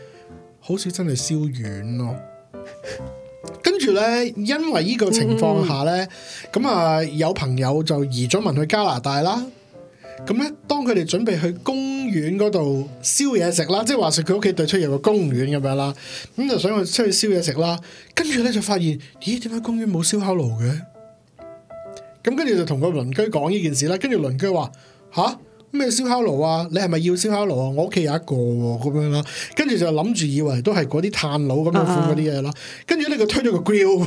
S2: 好少真係燒丸咯。 (laughs) 跟住咧，因為呢個情況下咧，咁啊、嗯嗯嗯、有朋友就移咗民去加拿大啦。咁咧，當佢哋準備去公園嗰度燒嘢食啦，即係話說佢屋企對出有個公園咁樣啦，咁就想去出去燒嘢食啦。跟住咧就發現，咦，點解公園冇燒烤爐嘅？咁跟住就同個鄰居講呢件事啦。跟住鄰居話吓。咩燒烤爐啊？你係咪要燒烤爐啊？我屋企有一個咁、啊、樣啦，跟住就諗住以為都係嗰啲炭爐咁樣款嗰啲嘢啦。跟住呢就推咗個 grill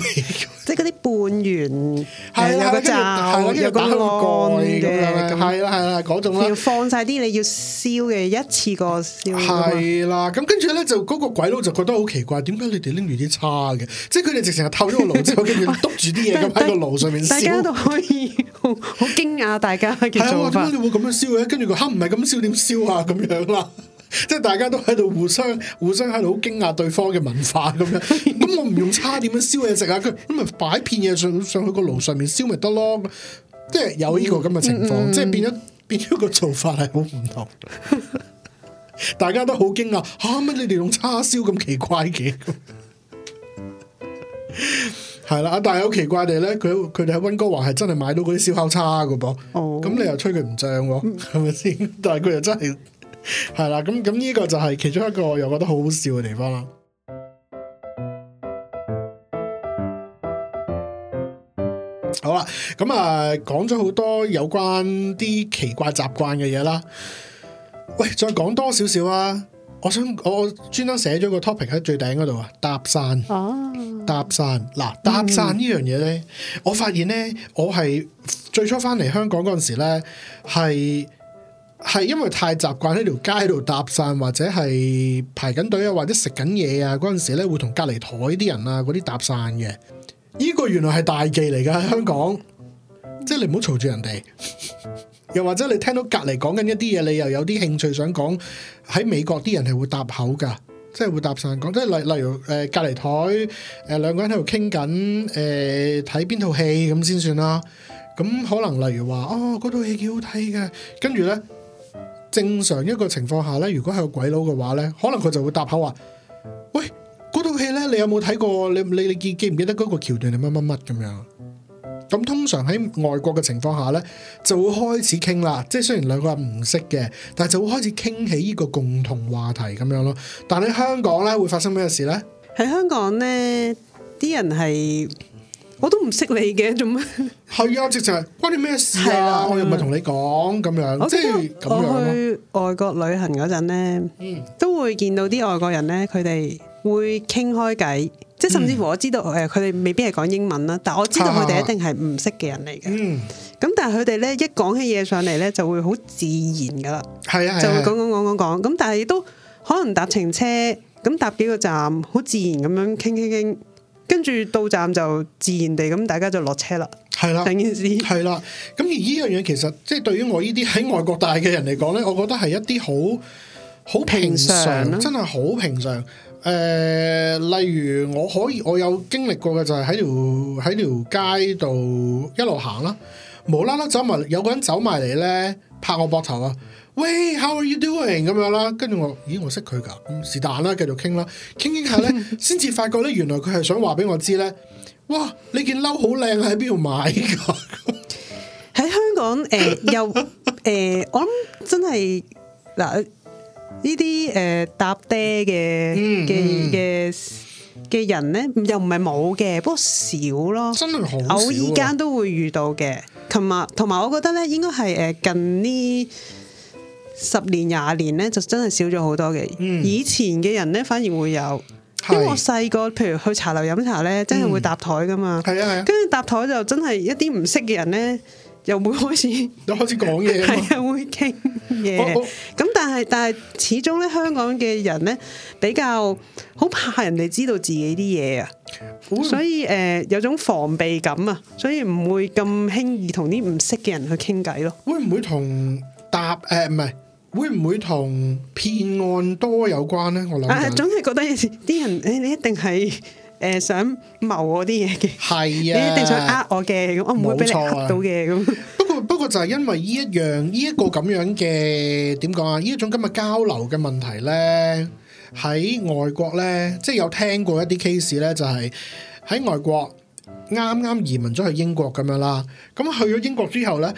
S2: 即係嗰啲半圓係啊，個罩係啦，跟住打開干嘅，係啦係啦嗰種啦。要放
S1: 晒啲你要燒嘅，一次過燒。係
S2: 啦，咁跟住咧就嗰個鬼佬就覺得好奇怪，點解你哋拎住啲叉嘅？即係佢哋直成日透咗個爐，就喺度篤住啲嘢咁喺個爐上面燒， (laughs) 大家都
S1: 也可以好驚訝大家嘅做法。點解
S2: 你 (laughs) (laughs) (laughs) (laughs) (laughs) 會咁樣燒嘅？跟住佢吓，唔係咁燒點燒啊咁樣啦，啊，即係大家都喺度互相互相喺度好驚訝對方嘅文化咁樣，咁我唔用叉點樣燒嘢食啊？佢咁咪擺片嘢上上去個爐上面燒咪得咯？即係有呢個咁嘅情況，即係變咗變咗個做法係好唔同，大家都好驚訝，吓，乜你哋用叉燒咁奇怪嘅？係啦，但係好奇怪地咧，佢佢哋喺溫哥華係真係買到嗰啲燒烤叉㗎噃，咁、oh. 你又吹佢唔漲喎，係咪先？ (laughs) 但係佢又真係係啦，咁咁呢個就係其中一個我覺得好好笑嘅地方啦。 (music) 好啦，咁啊，講咗好多有關啲奇怪習慣嘅嘢啦，喂，再講多少少啊！我想我我專登寫咗個 topic 喺最頂嗰度啊，搭散，搭散嗱，搭散呢樣嘢咧，嗯、我發現咧，我係最初翻嚟香港嗰陣時咧，係係因為太習慣喺條街度搭散，或者係排緊隊啊，或者食緊嘢啊，嗰陣時咧會同隔離台啲人啊嗰啲搭散嘅，呢、呢個原來係大忌嚟㗎，喺香港，即、就、係、是、你唔好嘈住人哋。 (laughs) 又或者你聽到隔離講緊一啲嘢，你又有啲興趣想講。喺美國啲人係會搭口㗎，即係會搭訕講，即係例例如誒、呃、隔離枱誒兩個人喺度傾緊誒睇邊套戲咁先算啦。咁、嗯、可能例如話哦嗰套戲幾好睇㗎，跟住咧正常一個情況下咧，如果係個鬼佬嘅話咧，可能佢就會搭口話：喂嗰套戲咧，你有冇睇過？你你你，你記唔記得嗰個橋段係乜乜乜咁樣？咁通常喺外國嘅情況下咧，就會開始傾啦，即係雖然兩個人唔識嘅，但係就會開始傾起呢個共同話題咁樣咯。但喺香港咧會發生咩事咧？喺香港咧，啲人係我都唔識你嘅，做
S1: 咩？係啊，直情係關你咩事啊？的我又唔係同
S2: 你講咁樣，即係我，我去
S1: 外國旅行嗰陣咧，嗯、都會見到啲外國人咧，佢哋會傾開偈。即係甚至乎我知道誒、嗯，佢哋未必係講英文啦，但我知道佢哋一定係唔識嘅人嚟嘅。咁、啊嗯、但係佢哋咧一講起嘢上嚟咧，就會好自然噶啦。係啊，就會講講講講講。咁、啊啊、但係都可能搭程車，咁搭幾個站，好自然咁樣傾傾傾，跟住到站就自然地咁，大家就落車啦。
S2: 係啦、啊，成件事係啦。咁、啊啊、而呢樣嘢其實即係、就是、對於我呢啲喺外國大嘅人嚟講咧，我覺得係一啲好好平常，平常真係好平常。誒、呃，例如我可以我有經歷過嘅就係喺條喺條街度一路行啦、啊，無啦啦走埋有個人走埋嚟咧，拍我膊頭啊，喂，how are you doing？咁樣啦，跟住我，咦，我識佢噶，是但啦，繼續傾啦，傾傾下咧，先至 (laughs) 發覺咧，原來佢係想話俾我知咧，哇，呢件褸好靚喺邊度買噶？喺 (laughs) 香港誒、呃，又誒、呃，我諗真
S1: 係嗱。呃呢啲誒搭爹嘅嘅嘅嘅人咧，又唔係冇嘅，不過少咯。真係好偶爾間都會遇到嘅。琴日同埋我覺得咧，應該係誒近呢十年廿年咧，就真係少咗好多嘅。嗯、以前嘅人咧，反而會有。因為我細個譬如去茶樓飲茶咧，真係會搭台噶嘛。係啊係啊，跟住搭台就真係一啲唔識嘅人咧，又會開始都開始講嘢。對，係啊，會傾嘢。咁 (laughs) 但係始終咧，香港嘅人咧比較好怕人哋知道自己啲嘢啊，Oh yeah. 所以誒、呃、有種防備感啊，所以唔會咁
S2: 輕易同啲唔識嘅人去傾偈咯。會唔會同答誒唔係？會唔會同騙案多有關咧？我諗啊，總係覺得
S1: 有啲人誒、哎，你一定係誒、呃、想謀我啲嘢嘅，係啊，你一定想呃我嘅，
S2: 咁我唔會俾你呃到嘅咁。不過就係因為呢一樣、呢一個咁樣嘅點講啊，呢一種今日交流嘅問題咧，喺外國咧，即係有聽過一啲 case 咧，就係、是、喺外國啱啱移民咗去英國咁樣啦。咁去咗英國之後咧，誒、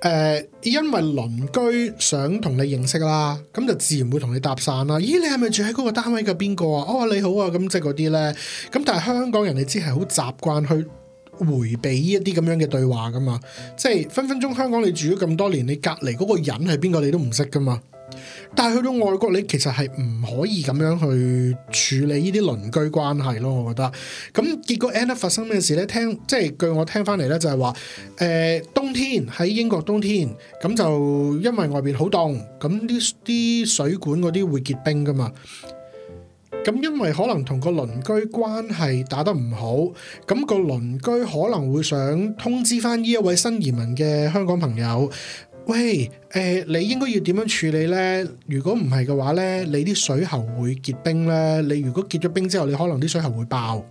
S2: 呃，因為鄰居想同你認識啦，咁就自然會同你搭訕啦。咦，你係咪住喺嗰個單位嘅邊個啊？哦，你好啊，咁、嗯、即係嗰啲咧。咁但係香港人你知係好習慣去。回避依一啲咁樣嘅對話噶嘛，即係分分鐘香港你住咗咁多年，你隔離嗰個人係邊個你都唔識噶嘛。但係去到外國，你其實係唔可以咁樣去處理呢啲鄰居關係咯，我覺得。咁、嗯嗯、結果 end up 發生咩事咧？聽即係據我聽翻嚟咧，就係話誒冬天，喺英國冬天，咁就因為外邊好凍，咁呢啲水管嗰啲會結冰噶嘛。咁因為可能同個鄰居關係打得唔好，咁個鄰居可能會想通知翻呢一位新移民嘅香港朋友，喂，誒、呃，你應該要點樣處理呢？如果唔係嘅話呢，你啲水喉會結冰呢。你如果結咗冰之後，你可能啲水喉會爆。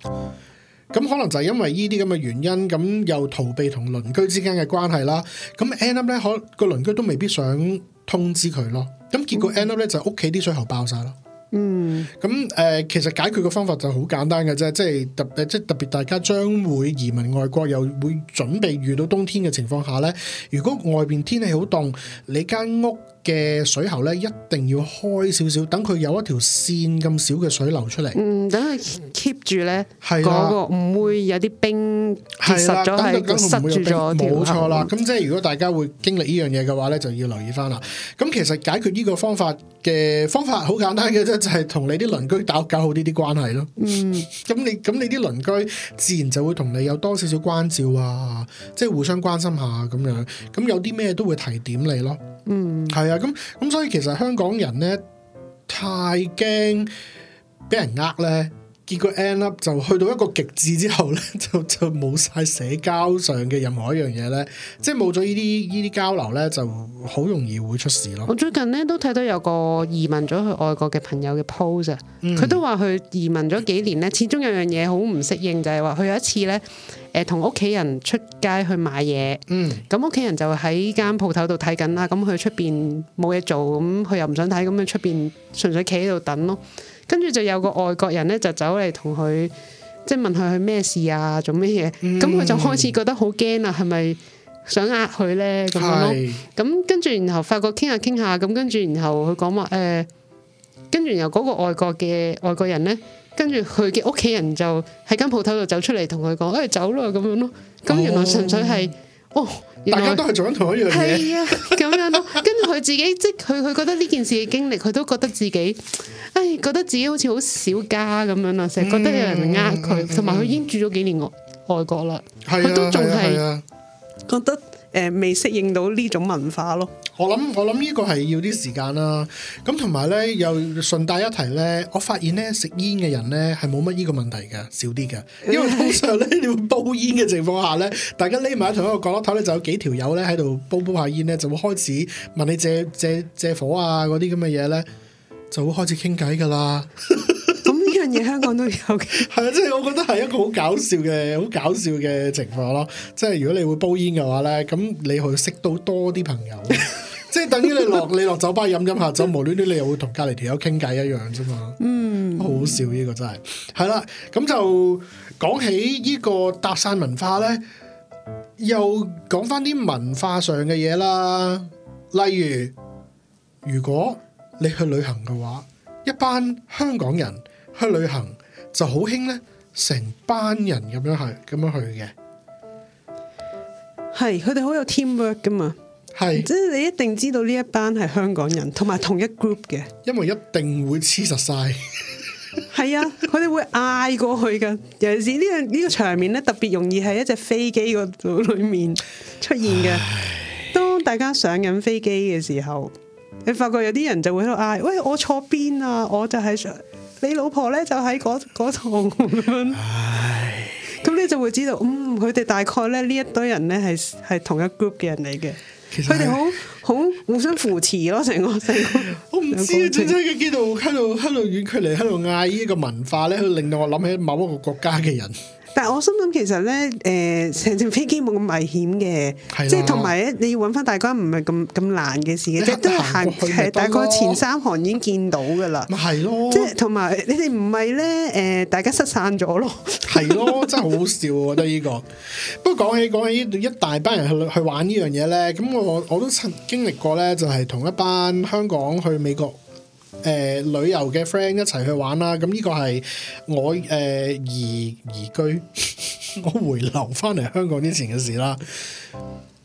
S2: 咁可能就係因為呢啲咁嘅原因，咁又逃避同鄰居之間嘅關係啦。咁 end up 咧，可個鄰居都未必想通知佢咯。咁結果 end up 咧就屋企啲水喉爆晒咯。嗯，咁誒，其實解決嘅方法就好簡單嘅啫，即係特別，即係特別，大家將會移民外國，又會準備遇到冬天嘅情況下咧，如果外邊天氣好凍，你間屋嘅水喉咧，一定要開少少，等佢有一條線咁少嘅水流出嚟。嗯，
S1: 等佢 keep 住咧，嗰的個唔會有啲冰
S2: 結實咗係。冇錯啦，咁、嗯、即係如果大家會經歷呢樣嘢嘅話咧，就要留意返啦。咁其實解決呢個方法嘅方法好簡單嘅啫，就係、是、同你啲鄰居搞搞好呢啲關係咯。嗯，咁 (laughs) 你咁你啲鄰居自然就會同你有多少少關照啊，即、就、係、是、互相關心下咁、啊、樣。咁有啲咩都會提點你咯。嗯，係啊。咁咁、嗯、所以其實香港人咧太驚俾人呃咧。結果 end up 就去到一個極致之後咧，就就冇晒社交上嘅任何一樣嘢咧，即係冇咗呢啲呢啲交流咧，就好容易會出事咯。我
S1: 最近咧都睇到有個移民咗去外國嘅朋友嘅 post，佢都話佢移民咗幾年咧，始終有樣嘢好唔適應，就係話佢有一次咧，誒同屋企人出街去買嘢，嗯，咁屋企人就喺間鋪頭度睇緊啦，咁佢出邊冇嘢做，咁佢又唔想睇，咁佢出邊純粹企喺度等咯。跟住就有個外國人咧，就走嚟同佢即係問佢佢咩事啊，做咩嘢？咁佢、嗯、就開始覺得好驚啦，係咪想呃佢咧咁樣？咁跟住然後發覺傾下傾下，咁跟住然後佢講話誒，跟、呃、住然後嗰個外國嘅外國人咧，跟住佢嘅屋企人就喺間鋪頭度走出嚟同佢講，誒、哎，走啦咁樣咯。咁原來純粹係哦。哦大家都係做緊同一樣嘢，係啊，咁樣咯。跟住佢自己，即係佢，佢覺得呢件事嘅經歷，佢都覺得自己，唉，覺得自己好似好小家咁樣啊，成日覺得有人嚟呃佢，同埋佢已經住咗幾年外外國啦，
S2: 佢、啊、都仲係、啊啊啊、覺得。誒，未適應到呢種文化咯。我諗我諗呢個係要啲時間啦。咁同埋咧，又順帶一提咧，我發現咧食煙嘅人咧係冇乜呢個問題噶，少啲噶。因為通常咧 (laughs) 你會煲煙嘅情況下咧，大家匿埋喺同一個角落頭咧， (laughs) 就有幾條友咧喺度煲煲下煙咧，就會開始問你借借借，借火啊嗰啲咁嘅嘢咧，就會開始傾偈噶啦。 (laughs) 香港都有嘅，係 (laughs) 啊！即、就、係、是、我覺得係一個好搞笑嘅、好搞笑嘅情況咯。即係如果你會煲煙嘅話咧，咁你去識到多啲朋友，即係 (laughs) (laughs) 等於你落你落酒吧飲飲下酒，無端端你又會同隔籬條友傾偈一樣啫嘛、嗯。嗯，好笑呢個真係，係、嗯、啦。咁就講起呢個搭訕文化咧，又講翻啲文化上嘅嘢啦。例如，如果你去旅行嘅話，一班香港人。去旅行就好興咧，成班人咁樣去，咁樣去嘅，係佢哋好有 teamwork 噶嘛，係是即係你一定知
S1: 道呢一班係香港人，同埋同一 group 嘅， (laughs) 因為一定會黐實晒，係 (laughs) 啊，佢哋會嗌過去噶，尤其是呢個呢個場面咧，特別容易喺一隻飛機個裏面出現嘅。唉當大家上緊飛機嘅時候，你發覺有啲人就會喺度嗌，喂，我坐邊啊？我就喺上。」你老婆咧就喺嗰嗰堂咁樣，咁 (laughs) 你就會知道，嗯，佢哋大概咧呢一堆人咧係係同一 group 嘅人嚟嘅，佢哋好好
S2: 互相扶持咯，成個成個，個我唔知最真嘅叫做喺度喺度遠距離喺度嗌呢個文化咧，令到我諗起某一個國家嘅人。但係我心諗其實咧，誒，
S1: 成隻飛機冇咁危險嘅，即係同埋你要揾翻大家唔係咁咁難嘅事嘅，即都係行，誒，的大概前三行已經見到噶啦。咪係咯，即係同埋
S2: 你哋唔係咧，誒、呃，大家失散咗咯。係咯，真係好笑啊！我覺得呢、 (laughs) 這個，不過講起講起呢一大班人去去玩呢樣嘢咧，咁我我都曾經歷過咧，就係同一班香港去美國。誒、呃、旅遊嘅 friend 一齊去玩啦，咁呢個係我誒、呃、移移居， (laughs) 我回流翻嚟香港之前嘅事啦。 (laughs)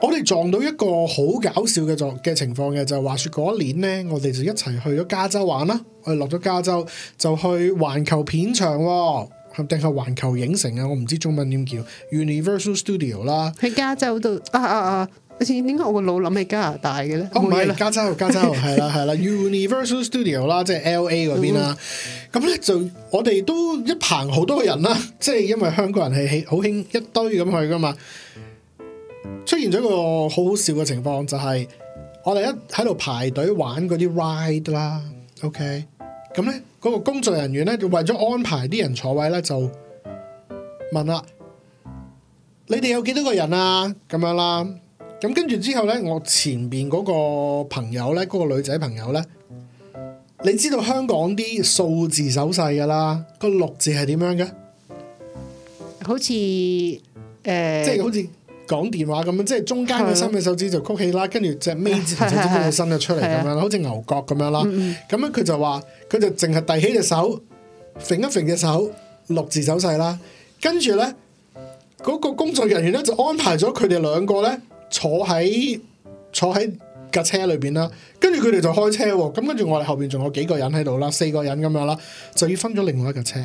S2: 我哋撞到一個好搞笑嘅狀嘅情況嘅，就是、話説嗰年咧，我哋就一齊去咗加州玩啦。我哋落咗加州就去環球片場喎，定係環球影城啊？我唔知中文點叫 Universal Studio 啦。喺加州度啊啊啊！啊啊好似點解我個腦諗起加拿大嘅咧？啊唔係，加州，加州係啦係啦，Universal Studio 啦，即係 LA 嗰邊啦。咁咧就我哋都一棚好多個人啦，即係 (laughs) 因為香港人係好興一堆咁去㗎嘛。出現咗個好好笑嘅情況就係、是、我哋一喺度排隊玩嗰啲 ride 啦、 (laughs) okay？OK，咁咧嗰個工作人員咧就為咗安排啲人坐位咧就問啦：你哋有幾多個人啊？咁樣啦。咁跟住之後咧，我前邊嗰個朋友咧，嗰、嗰個女仔朋友咧，你知道香港啲數字手勢噶啦？嗰個六字係點樣嘅？好似誒，呃、即係好似講電話咁樣，即係中間嘅三隻手指就曲起啦，的跟住隻尾指同手指都伸咗出嚟咁的樣，好似牛角咁樣啦。咁樣佢就話佢就淨係遞起隻手揈一揈隻手六字手勢啦。跟住咧，嗰、嗰個工作人員咧就安排咗佢哋兩個咧。坐喺坐喺架車裏邊啦，跟住佢哋就開車，咁跟住我哋後邊仲有幾個人喺度啦，四個人咁樣啦，就要分咗另外一架車。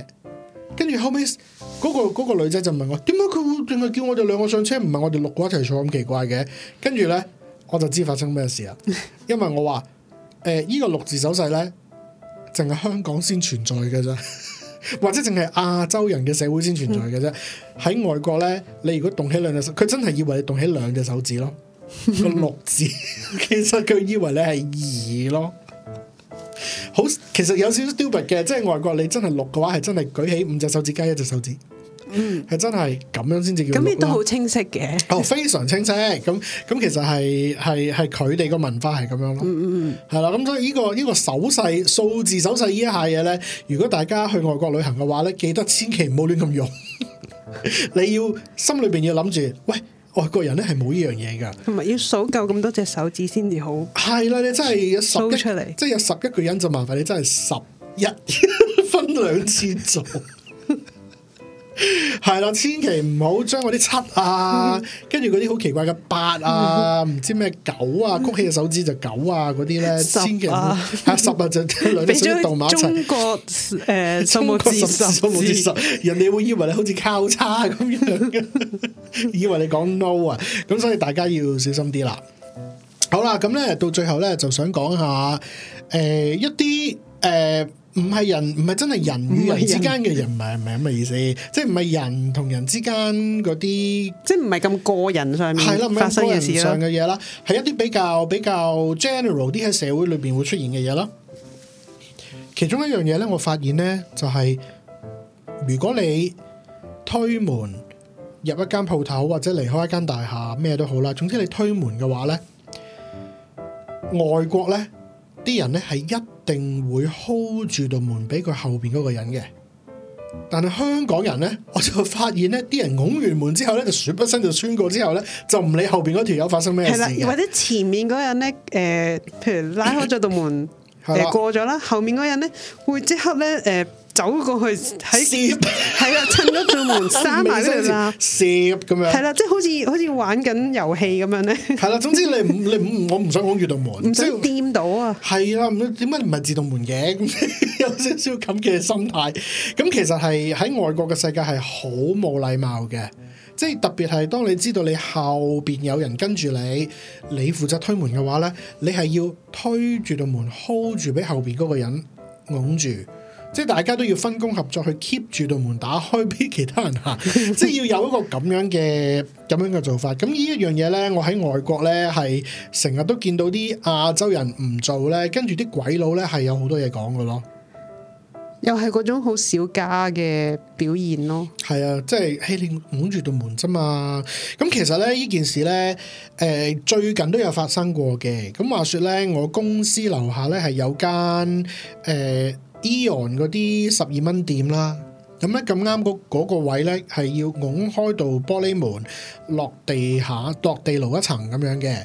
S2: 跟住後尾嗰個嗰個女仔就問我，點解佢會淨係叫我哋兩個上車，唔係我哋六個一齊坐咁奇怪嘅？跟住咧，我就知發生咩事啊！因為我話誒，呢個六字手勢咧，淨係香港先存在嘅啫。或者淨係亞洲人嘅社會先存在嘅啫，喺、嗯、外國咧，你如果動起兩隻手，佢真係以為你動起兩隻手指咯，個 (laughs) 六指，其實佢以為你係二咯，好，其實有少少 stupid 嘅，即係外國你真係六嘅話，係真係舉起五隻手指加一隻手指。嗯，係真係咁樣先至叫咁，亦、嗯、都好清晰嘅。哦，非常清晰。咁咁，其實係係係佢哋個文化係咁樣咯、嗯。嗯嗯，係啦。咁所以呢個呢、呢個手勢、數字手勢呢一下嘢咧，如果大家去外國旅行嘅話咧，記得千祈唔好亂咁用。 (laughs) 你要心裏邊要諗住，喂，外國人咧係冇呢樣嘢噶，同埋要數夠咁多隻手指先至好。係啦，你真係有十一數出嚟，即係有十一個人就麻煩你，你真係十一 (laughs) 分兩次做。 (laughs) (laughs) 係啦，千祈唔好將嗰啲七啊，跟住嗰啲好奇怪嘅八啊，唔、嗯、知咩九啊，曲起嘅手指就九啊，嗰啲咧，啊、千祈吓、啊啊、十啊，就兩隻手指動馬神。中國誒，呃、中國十，中國十，十十人哋會以為你好似交叉咁樣嘅， (laughs) 以為你講 no 啊，咁所以大家要小心啲啦。好啦，咁咧到最後咧，就想講下誒、呃、一啲誒。呃唔係人，唔係真係人與人之間嘅人，唔係唔係咁嘅意思，即係唔係人同人之間嗰啲，即係唔係咁個人上面唔發生嘅嘢啦。係一啲比較比較 general 啲喺社會裏邊會出現嘅嘢啦。其中一樣嘢咧，我發現咧，就係、是、如果你推門入一間鋪頭或者離開一間大廈，咩都好啦，總之你推門嘅話咧，外國咧。啲人咧，係一定會 hold 住道門俾佢後邊嗰個人嘅，但係香港人咧，我就發現咧，啲人拱完門之後咧，就說不身就穿過之後咧，就唔理後邊嗰條友發生咩事，或者前面嗰人
S1: 咧，誒、呃，譬如拉開咗道門誒、 (laughs) 呃、過咗啦，後面嗰人咧會即刻咧，誒、呃。走過去喺，係啦， (laughs) 趁咗道門閂埋嗰陣
S2: 啊，咁 (laughs) 樣，係啦，即係好似好似玩緊遊戲咁樣咧。係 (laughs) 啦，總之你唔你唔我唔想講住道門，唔想掂到啊。係啦，點解唔係自動門嘅？ (laughs) 有少少咁嘅心態。咁 (laughs) 其實係喺外國嘅世界係好冇禮貌嘅，即係特別係當你知道你後邊有人跟住你，你負責推門嘅話咧，你係要推住道門 hold 住俾後邊嗰個人拱住。即係大家都要分工合作去 keep 住道門打開俾其他人行， (laughs) 即係要有一個咁樣嘅咁 (laughs) 樣嘅做法。咁呢一樣嘢咧，我喺外國咧係成日都見到啲亞洲人唔做咧，跟住啲鬼佬咧係有好多嘢講㗎咯。又係嗰種好小家嘅表現咯。係 (laughs) 啊，即係嘿你拱住道門啫嘛。咁其實咧呢件事咧，誒、呃、最近都有發生過嘅。咁話說咧，我公司樓下咧係有間誒。呃呃伊昂嗰啲十二蚊店啦，咁咧咁啱嗰嗰個位咧係要拱開道玻璃門落地下，落地牢一層咁樣嘅。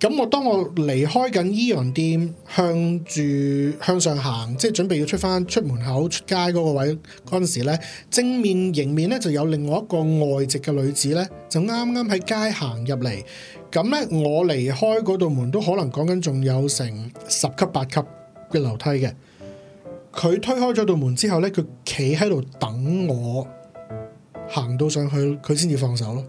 S2: 咁我當我離開緊伊昂店，向住向上行，即係準備要出翻出門口出街嗰個位嗰陣時咧，正面迎面咧就有另外一個外籍嘅女子咧，就啱啱喺街行入嚟。咁咧我離開嗰道門都可能講緊仲有成十級八級。嘅樓梯嘅，佢推開咗道門之後咧，佢企喺度等我行到上去，佢先至放手咯，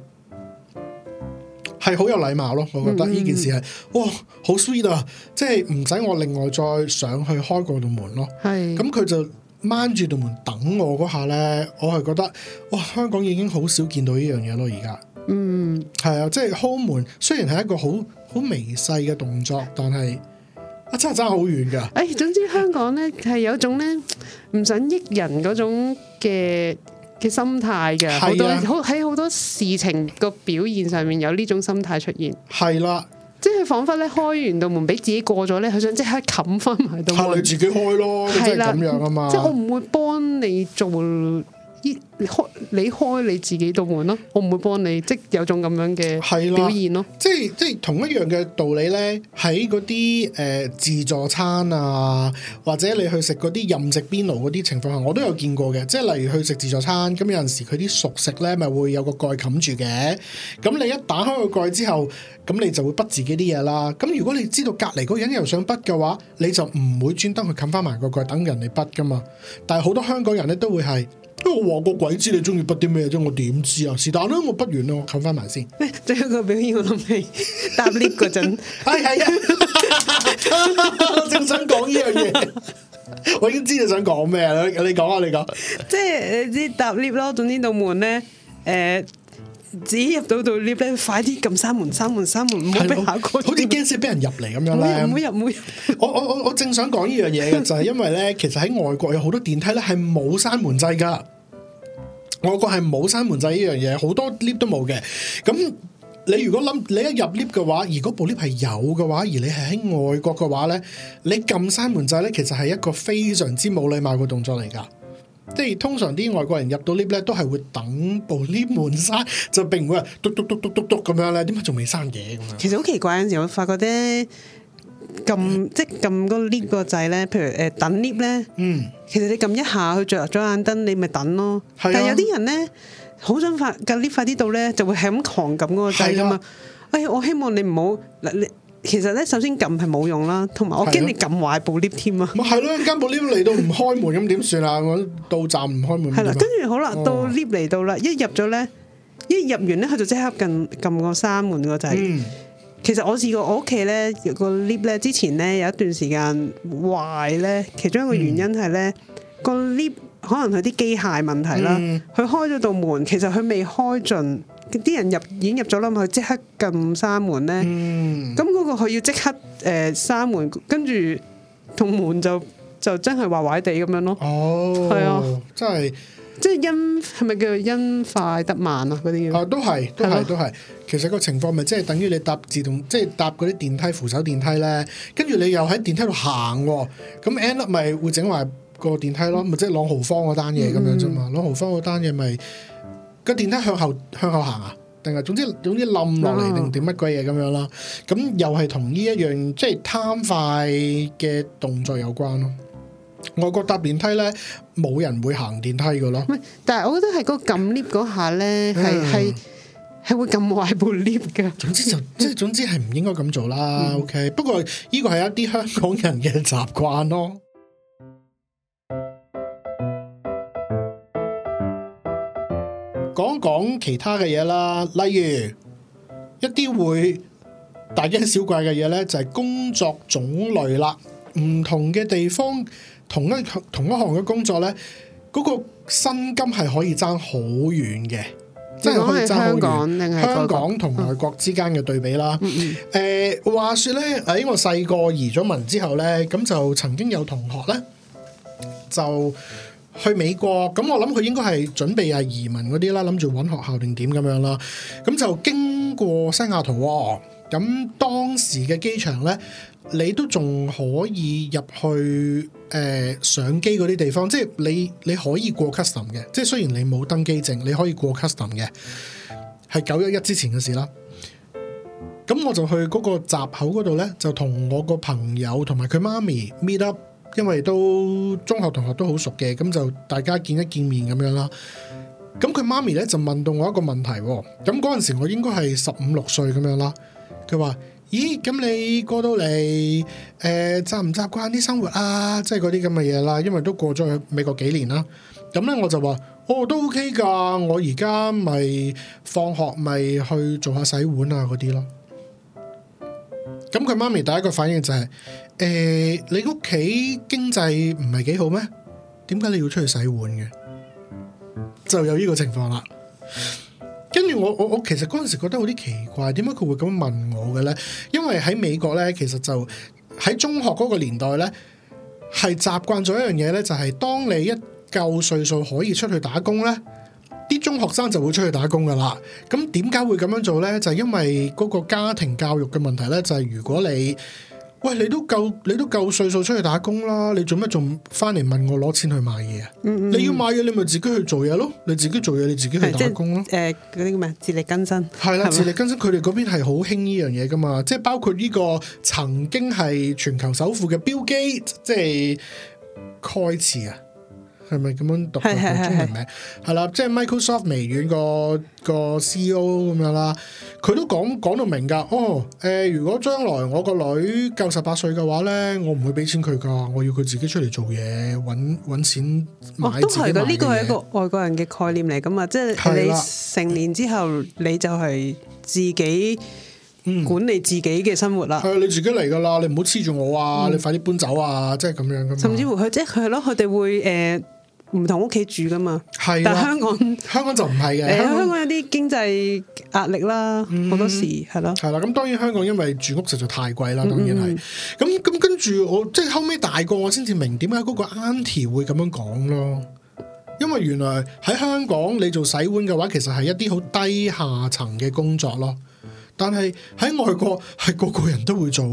S2: 係好有禮貌咯，我覺得呢件事係、嗯嗯、哇好 sweet 啊，即係唔使我另外再上去開嗰道門咯。係咁佢就掹住道門等我嗰下咧，我係覺得哇香港已經好少見到呢樣嘢咯而家，
S1: 嗯
S2: 係啊，即係開門雖然係一個好好微細嘅動作，但係。啊，真差差好遠噶！哎，總之香港咧係有
S1: 一種咧唔想益人嗰種嘅嘅心態嘅，好、啊、多好喺好多事情個表現上面有呢種心態出現。係啦、啊，即係佢仿佛咧開完道門俾自己過咗咧，佢想即刻冚翻埋度。吓、啊、你自己開咯，即係咁樣啊嘛！即係我唔會幫你做。你開，你開你自己度門咯，我唔會幫你，即有種咁樣嘅表現咯的。即
S2: 係即係同一樣嘅道理咧，喺嗰啲誒自助餐啊，或者你去食嗰啲任食邊爐嗰啲情況下，我都有見過嘅。即係例如去食自助餐，咁有陣時佢啲熟食咧，咪會有個蓋冚住嘅。咁你一打開個蓋之後，咁你就會筆自己啲嘢啦。咁如果你知道隔離嗰個人又想筆嘅話，你就唔會專登去冚翻埋個蓋等人嚟筆㗎嘛。但係好多香港人咧都會係。因、欸、我話個鬼知你中意筆啲咩啫，我點知啊？是但啦，我筆完啦，我冚翻埋先。最後一個表演我諗起搭 lift 嗰陣，係係啊，哎、呀 (laughs) (laughs) 我正想講呢樣嘢，我已
S1: 經知你想講咩啦，你講啊，你講，即係你知搭 lift 咯，總之道門咧，誒、呃。只入到度 lift 咧，快啲撳閂門，閂門閂門，唔的好俾下個，好似
S2: 驚死俾人入嚟咁樣咧。唔會入，唔會。入 (laughs) 我我我我正想講呢樣嘢就係、是、因為咧，其實喺外國有好多電梯咧係冇閂門掣噶。外國係冇閂門掣呢樣嘢，好多 lift 都冇嘅。咁你如果諗你一入 lift 嘅話，如果部 lift 係有嘅話，而你係喺外國嘅話咧，你撳閂門掣咧，其實係一個非常之冇禮貌嘅動作嚟噶。即係通常啲外國人入到 lift 咧，都係會等部 lift 滿晒，就並唔會話嘟嘟嘟嘟嘟嘟咁樣咧。點解仲未生嘅？其實好奇怪，有陣時我發
S1: 覺咧，撳、嗯、即係撳個 lift 個掣咧，譬如，誒、呃、等 lift 咧，嗯，其實你撳一下佢着咗眼燈，你咪等咯。啊、但係有啲人咧，好想發快個 lift 快啲到咧，就會係咁狂撳嗰個掣啊嘛。哎，我希望你唔好嗱你。其實咧，首先撳係冇用啦，同埋我驚你撳壞部 lift 添啊！咪係咯，間部 lift 嚟到唔
S2: 開門咁點算啊？我到站唔開門。係啦，跟住好啦，
S1: 到 lift 嚟到啦，哦、一入咗咧，一入完咧，佢就即刻撳撳個閂門個掣。嗯、其實我試過，我屋企咧個 lift 咧之前咧有一段時間壞咧，其中一個原因係咧個 lift 可能佢啲機械問題啦，佢、嗯、開咗道門，其實佢未開盡。啲人入已經入咗啦嘛，佢即刻撳閂門咧，咁嗰個佢要即刻誒閂、呃、門，跟住同門就就真係壞壞
S2: 地咁樣咯。哦，係啊，是即係即係因係咪叫因快得慢啊？嗰啲嘢啊，都係都係嗎都係。其實個情況咪即係等於你搭自動，即係搭嗰啲電梯扶手電梯咧，跟住你又喺電梯度行，咁 end up 咪會整壞個電梯咯，咪即係朗豪坊嗰單嘢咁樣啫嘛，朗豪坊嗰單嘢咪。嗯個電梯向後向後行啊？定係總之總之冧落嚟定點乜鬼嘢咁樣啦？咁、嗯、又係同呢一樣即係貪快嘅動作有關咯。外國搭電梯咧，冇人會行電梯噶咯。
S1: 但係我覺得係嗰個撳 lift 嗰下咧，
S2: 係係係會撳壞部 lift 噶。總之就即係總之係唔應該咁做啦。嗯、OK，不過呢個係一啲香港人嘅習慣咯。講講其他嘅嘢啦，例如一啲會大驚小怪嘅嘢咧，就係、是、工作種類啦，唔同嘅地方同一同一行嘅工作咧，嗰、那個薪金係可以爭好遠嘅，即係可以爭好遠定係、那個、香港同外國之間嘅對比啦。誒、嗯嗯呃，話說咧喺我細個移咗民之後咧，咁就曾經有同學咧就。去美國咁，我諗佢應該係準備係移民嗰啲啦，諗住揾學校定點咁樣啦。咁就經過西雅圖，咁、哦、當時嘅機場呢，你都仲可以入去誒、呃、上機嗰啲地方，即係你你可以過 custom 嘅，即係雖然你冇登機證，你可以過 custom 嘅。係九一一之前嘅事啦。咁我就去嗰個閘口嗰度呢，就同我個朋友同埋佢媽咪 meet up。因為都中學同學都好熟嘅，咁就大家見一見面咁樣啦。咁佢媽咪咧就問到我一個問題，咁嗰陣時我應該係十五六歲咁樣啦。佢話：咦，咁你過到嚟誒，習唔習,習慣啲生活啊？即係嗰啲咁嘅嘢啦。因為都過咗去美國幾年啦。咁咧我就話：哦，都 OK 噶，我而家咪放學咪去做下洗碗啊嗰啲咯。咁佢媽咪第一個反應就係、是。誒、呃，你屋企經濟唔係幾好咩？點解你要出去洗碗嘅？就有呢個情況啦。跟住我我我其實嗰陣時覺得有啲奇怪，點解佢會咁問我嘅咧？因為喺美國咧，其實就喺中學嗰個年代咧，係習慣咗一樣嘢咧，就係、是、當你一夠歲數可以出去打工咧，啲中學生就會出去打工噶啦。咁點解會咁樣做咧？就係、是、因為嗰個家庭教育嘅問題咧，就係、是、如果你。喂，你都夠你都夠歲數出去打工啦，你做咩仲翻嚟問我攞錢去買嘢啊？嗯嗯、你要買嘢你咪自己去做嘢咯，你自己做嘢你自己去打
S1: 工咯。誒，啲咩自力更生。係 (laughs) 啦，自力
S2: 更生佢哋嗰邊係好興呢樣嘢噶嘛，即係包括呢個曾經係全球首富嘅 Bill Gates，即係蓋茨啊。係咪咁樣讀？好出名名係啦，即係 Microsoft 微軟個個 CEO 咁樣啦，佢都講講到明噶。哦，誒、呃，如果將來我個女夠十八歲嘅話咧，我唔會俾錢佢噶，我要佢自己出嚟做嘢，搵搵錢。哦，都係噶，呢個係一個
S1: 外國人嘅概念嚟噶嘛，即係你成年之後的你就係自己管理自己嘅生活啦。係、嗯、你
S2: 自己嚟噶啦，你唔好黐住我啊！嗯、你快啲搬走啊！即係咁樣噶。甚至乎佢即係佢係咯，佢哋會誒。呃唔同屋企住噶嘛，的但香港香港就唔係嘅，嗯、香港有啲經濟壓力啦，好、嗯、多時係咯，係啦。咁當然香港因為住屋實在太貴啦，嗯、當然係。咁咁、嗯、跟住我，即係後尾大個我先至明點解嗰個 Auntie 會咁樣講咯。因為原來喺香港你做洗碗嘅話，其實係一啲好低下層嘅工作咯。但係喺外國，係個個人都會做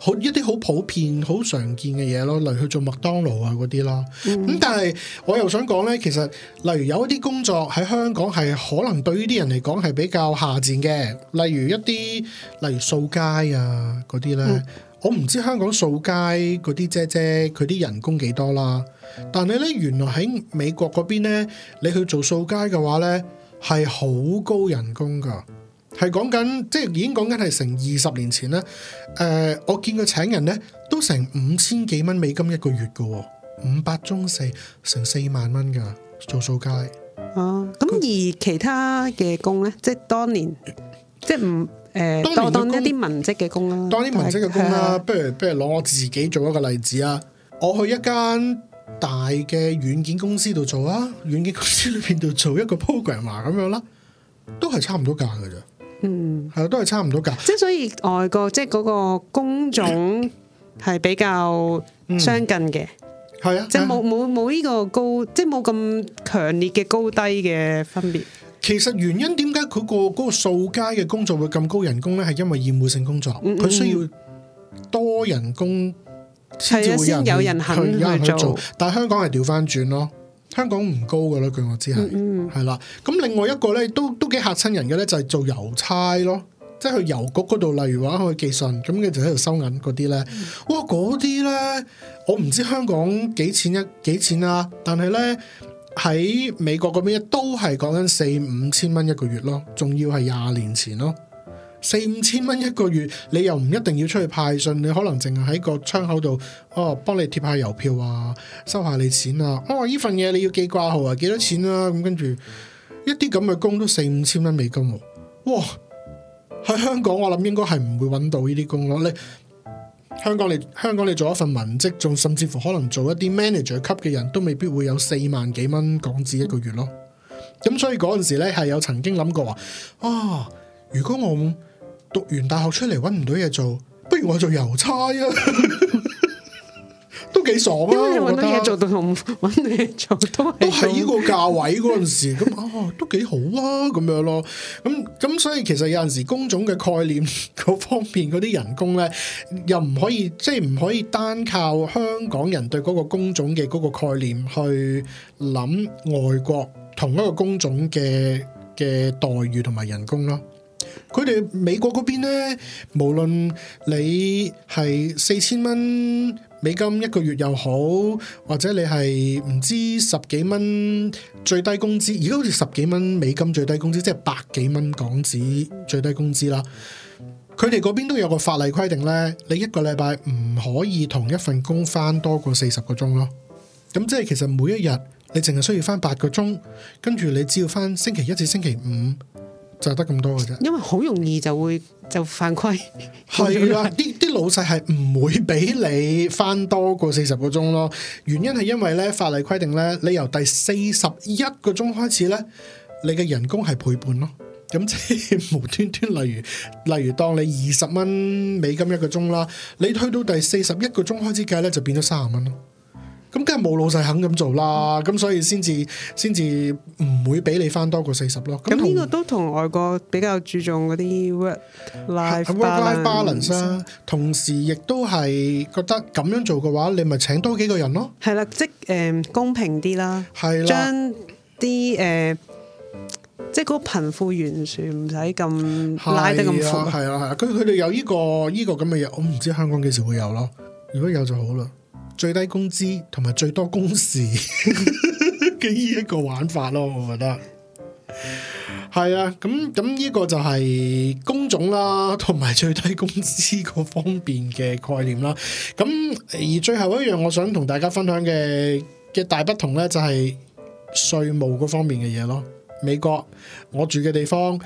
S2: 好一啲好普遍、好常見嘅嘢咯，例如去做麥當勞啊嗰啲啦。咁、嗯、但係我又想講咧，嗯、其實例如有一啲工作喺香港係可能對於啲人嚟講係比較下賤嘅，例如一啲例如掃街啊嗰啲咧。呢嗯、我唔知香港掃街嗰啲姐姐佢啲人工幾多啦，但係咧原來喺美國嗰邊咧，你去做掃街嘅話咧係好高人工㗎。係講緊，即係已經講緊係成二十年前啦。誒、呃，我見佢請人咧都成五千幾蚊美金一個月噶，五百中四，成四萬蚊噶，做掃街。哦，
S1: 咁而，、那個、而其他嘅
S2: 工咧，即係當年，即係唔誒，呃、當，當一啲
S1: 文職嘅工啦、啊，是當啲文職嘅工啦、啊的，
S2: 不如不如攞我自己做一個例子啊！我去一間大嘅軟件公司度做啊，軟件公司裏邊度、啊、做一個 programmer 啊，咁樣啦，都係差唔多價噶咋。嗯，係都係差唔多價，
S1: 即係、嗯、所以外國即係嗰個工種係比較相近嘅，係、嗯、啊，即係冇冇
S2: 冇呢個高，即係冇咁強烈嘅高低嘅分別。其實原因點解佢個嗰、嗰個掃街嘅工作會咁高人工咧？係因為義務性工作，佢、嗯嗯、需要多人工
S1: 先至會有人去去做，
S2: 但係香港係調翻轉咯。香港唔高嘅咯，據我知係，係啦、嗯嗯。咁另外一個咧，都都幾嚇親人嘅咧，就係、是、做郵差咯，即係去郵局嗰度，例如話去寄信，咁佢就喺度收銀嗰啲咧。嗯、哇，嗰啲咧，我唔知香港幾錢一、啊、幾錢啊，但係咧喺美國嗰邊都係講緊四五千蚊一個月咯，仲要係廿年前咯。四五千蚊一個月，你又唔一定要出去派信，你可能淨係喺個窗口度，哦，幫你貼下郵票啊，收下你錢啊，哦，呢份嘢，你要寄掛號啊，幾多錢啊？咁跟住一啲咁嘅工都四五千蚊美金，哇！喺香港我諗應該係唔會揾到呢啲工咯，你香港你香港你做一份文職，仲甚至乎可能做一啲 manager 級嘅人都未必會有四萬幾蚊港紙一個月咯，咁、嗯、所以嗰陣時咧係有曾經諗過話，啊、哦，如果我讀完大學出嚟，搵唔到嘢做，不如我做郵差啊， (laughs) 都幾爽啊！因為搵到嘢做，到同搵嘢做都做都喺呢個價位嗰陣時，咁啊都幾好啊，咁樣咯，咁咁所以其實有陣時工種嘅概念嗰方面，嗰啲人工咧，又唔可以即係唔可以單靠香港人對嗰個工種嘅嗰個概念去諗外國同一個工種嘅嘅待遇同埋人工咯。佢哋美國嗰邊咧，無論你係四千蚊美金一個月又好，或者你係唔知十幾蚊最低工資，而家好似十幾蚊美金最低工資，即係百幾蚊港紙最低工資啦。佢哋嗰邊都有個法例規定咧，你一個禮拜唔可以同一份工返多過四十個鐘咯。咁即係其實每一日你淨係需要返八個鐘，跟住你只要返星期一至星期五。就得咁多嘅啫，因為好容易就會就犯規。係 (laughs) 啦、啊，啲啲老細係唔會俾你翻多過四十個鐘咯。原因係因為咧，法例規定咧，你由第四十一個鐘開始咧，你嘅人工係倍半咯。咁、嗯、即係無端端，例如例如當你二十蚊美金一個鐘啦，你去到第四十一個鐘開始計咧，就變咗三十蚊咯。咁梗係冇老細肯咁做啦，咁、嗯嗯、所以先至先至唔會俾你返多過四十咯。咁呢、嗯、跟個都同外國比較注重嗰啲 work life、啊、work life balance 啊，同時亦都係覺得咁樣做嘅話，你咪請多幾個人咯。係啦，即誒、呃、公平啲啦，係啦，將啲誒即係嗰個貧富
S1: 懸殊唔使咁拉得咁闊，係
S2: 啊係啊。佢佢哋有呢、這個呢、這個咁嘅嘢，我唔知香港幾時會有咯。如果有就好啦。最低工資同埋最多工時嘅依一個玩法咯，我覺得係啊。咁咁依個就係工種啦，同埋最低工資嗰方面嘅概念啦。咁而最後一樣，我想同大家分享嘅嘅大不同呢，就係稅務嗰方面嘅嘢咯。美國我住嘅地方，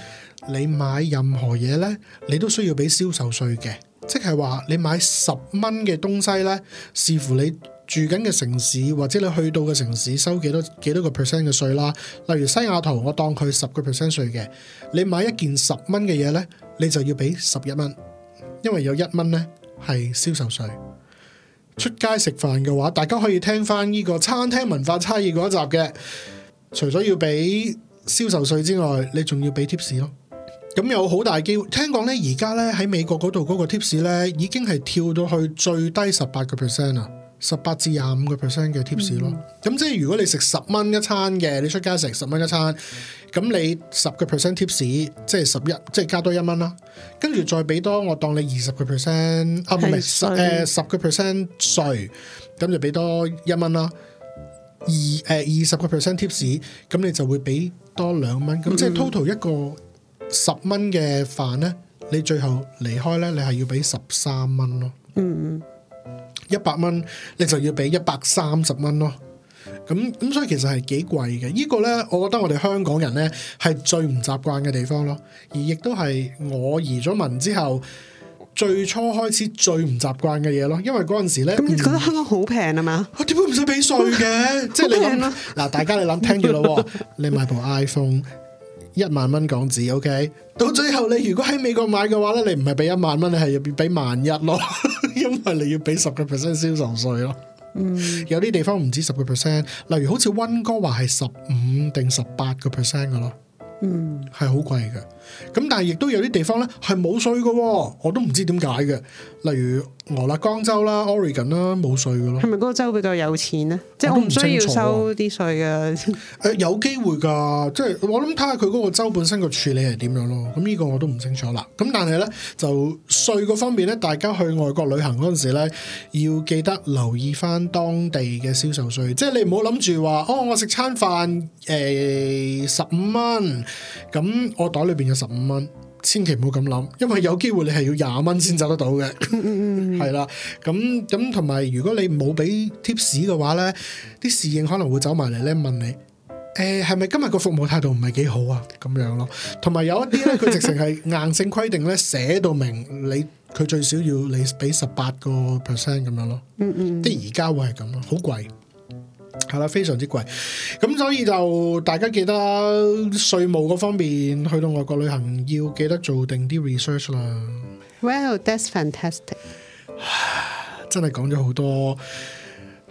S2: 你買任何嘢呢，你都需要俾銷售稅嘅。即係話你買十蚊嘅東西呢，視乎你住緊嘅城市或者你去到嘅城市收幾多幾多個 percent 嘅稅啦。例如西雅圖，我當佢十個 percent 稅嘅，你買一件十蚊嘅嘢呢，你就要俾十一蚊，因為有一蚊呢係銷售稅。出街食飯嘅話，大家可以聽翻呢、這個餐廳文化差異嗰一集嘅。除咗要俾銷售稅之外，你仲要俾 t 士 p 咯。咁有好大機會，聽講咧，而家咧喺美國嗰度嗰個 tips 咧已經係跳到去最低十八個 percent 啦，十八至廿五個 percent 嘅 tips 咯。咁、嗯、即係如果你食十蚊一餐嘅，你出街食十蚊一餐，咁你十個 percent tips，即係十一，即係加多一蚊啦。跟住再俾多，我當你二十個 percent，啊唔係十誒十個 percent 稅，咁是、呃、就俾多一蚊啦。二誒二十個 percent tips，咁你就會俾多兩蚊。咁即係 total 一個。十蚊嘅飯咧，你最後離開咧，你係要俾十三蚊咯。嗯，一百蚊你就要俾一百三十蚊咯。咁咁所以其實係幾貴嘅。這個、呢個咧，我覺得我哋香港人咧係最唔習慣嘅地方咯。而亦都係我移咗民之後，最初開始最唔習慣嘅嘢咯。因為嗰陣時咧，你覺得香港好平啊嘛？我點解唔使俾稅嘅？ (laughs) 即係是、啊、你嗱，大家你諗聽住咯。你買部 iPhone。一萬蚊港紙，OK，到最後你如果喺美國買嘅話咧，你唔係俾一萬蚊，你係要俾萬一咯，因為你要俾十個 percent 銷售稅咯。嗯，有啲地方唔止十個 percent，例如好似溫哥華係十五定十八個 percent 㗎咯。嗯，係好貴嘅，咁但係亦都有啲地方咧係冇稅㗎，我都唔知點解嘅，例如。我啦、哦，江州啦，Oregon 啦，冇稅噶咯。係咪嗰個州比較有錢咧？即係我唔需要收啲稅嘅。誒、 (laughs) 呃，有機會噶，即係我諗睇下佢嗰個州本身個處理係點樣咯。咁、這、呢個我都唔清楚啦。咁但係咧，就稅個方面咧，大家去外國旅行嗰陣時咧，要記得留意翻當地嘅銷售稅。即係你唔好諗住話，哦，我食餐飯誒十五蚊，咁、欸、我袋裏邊有十五蚊。千祈唔好咁諗，因為有機會你係要廿蚊先走得到嘅，係 (laughs) 啦。咁咁同埋，如果你冇俾 tips 嘅話咧，啲侍應可能會走埋嚟咧問你，誒係咪今日個服務態度唔係幾好啊？咁樣咯。同埋有一啲咧，佢直情係硬性規定咧寫，到明你佢最少要你俾十八個 percent 咁樣咯。即嗯，嗯。而家會係咁咯，好貴。係啦，非常之貴。咁所以就大家記得啦，稅務嗰方面，去到外國旅行要記得做定啲 research 啦。Well, that's fantastic。真係講咗好多。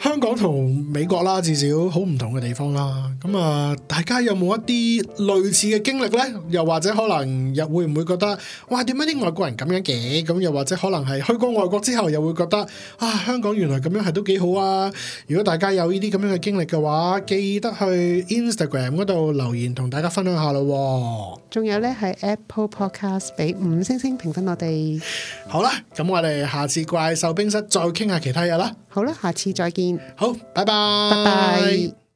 S2: 香港同美國啦，至少好唔同嘅地方啦。咁、嗯、啊，大家有冇一啲類似嘅經歷呢？又或者可能又會唔會覺得，哇點解啲外國人咁樣嘅？咁又或者可能係去過外國之後，又會覺得啊，香港原來咁樣係都幾好啊！如果大家有呢啲咁樣嘅經歷嘅話，記得去 Instagram 嗰度留言，同大家分享下咯。仲有呢係 Apple Podcast 俾五星星評分我，我哋好啦。咁我哋下次怪獸冰室再傾下其他嘢啦。好啦，下次再見。好，拜拜。拜拜。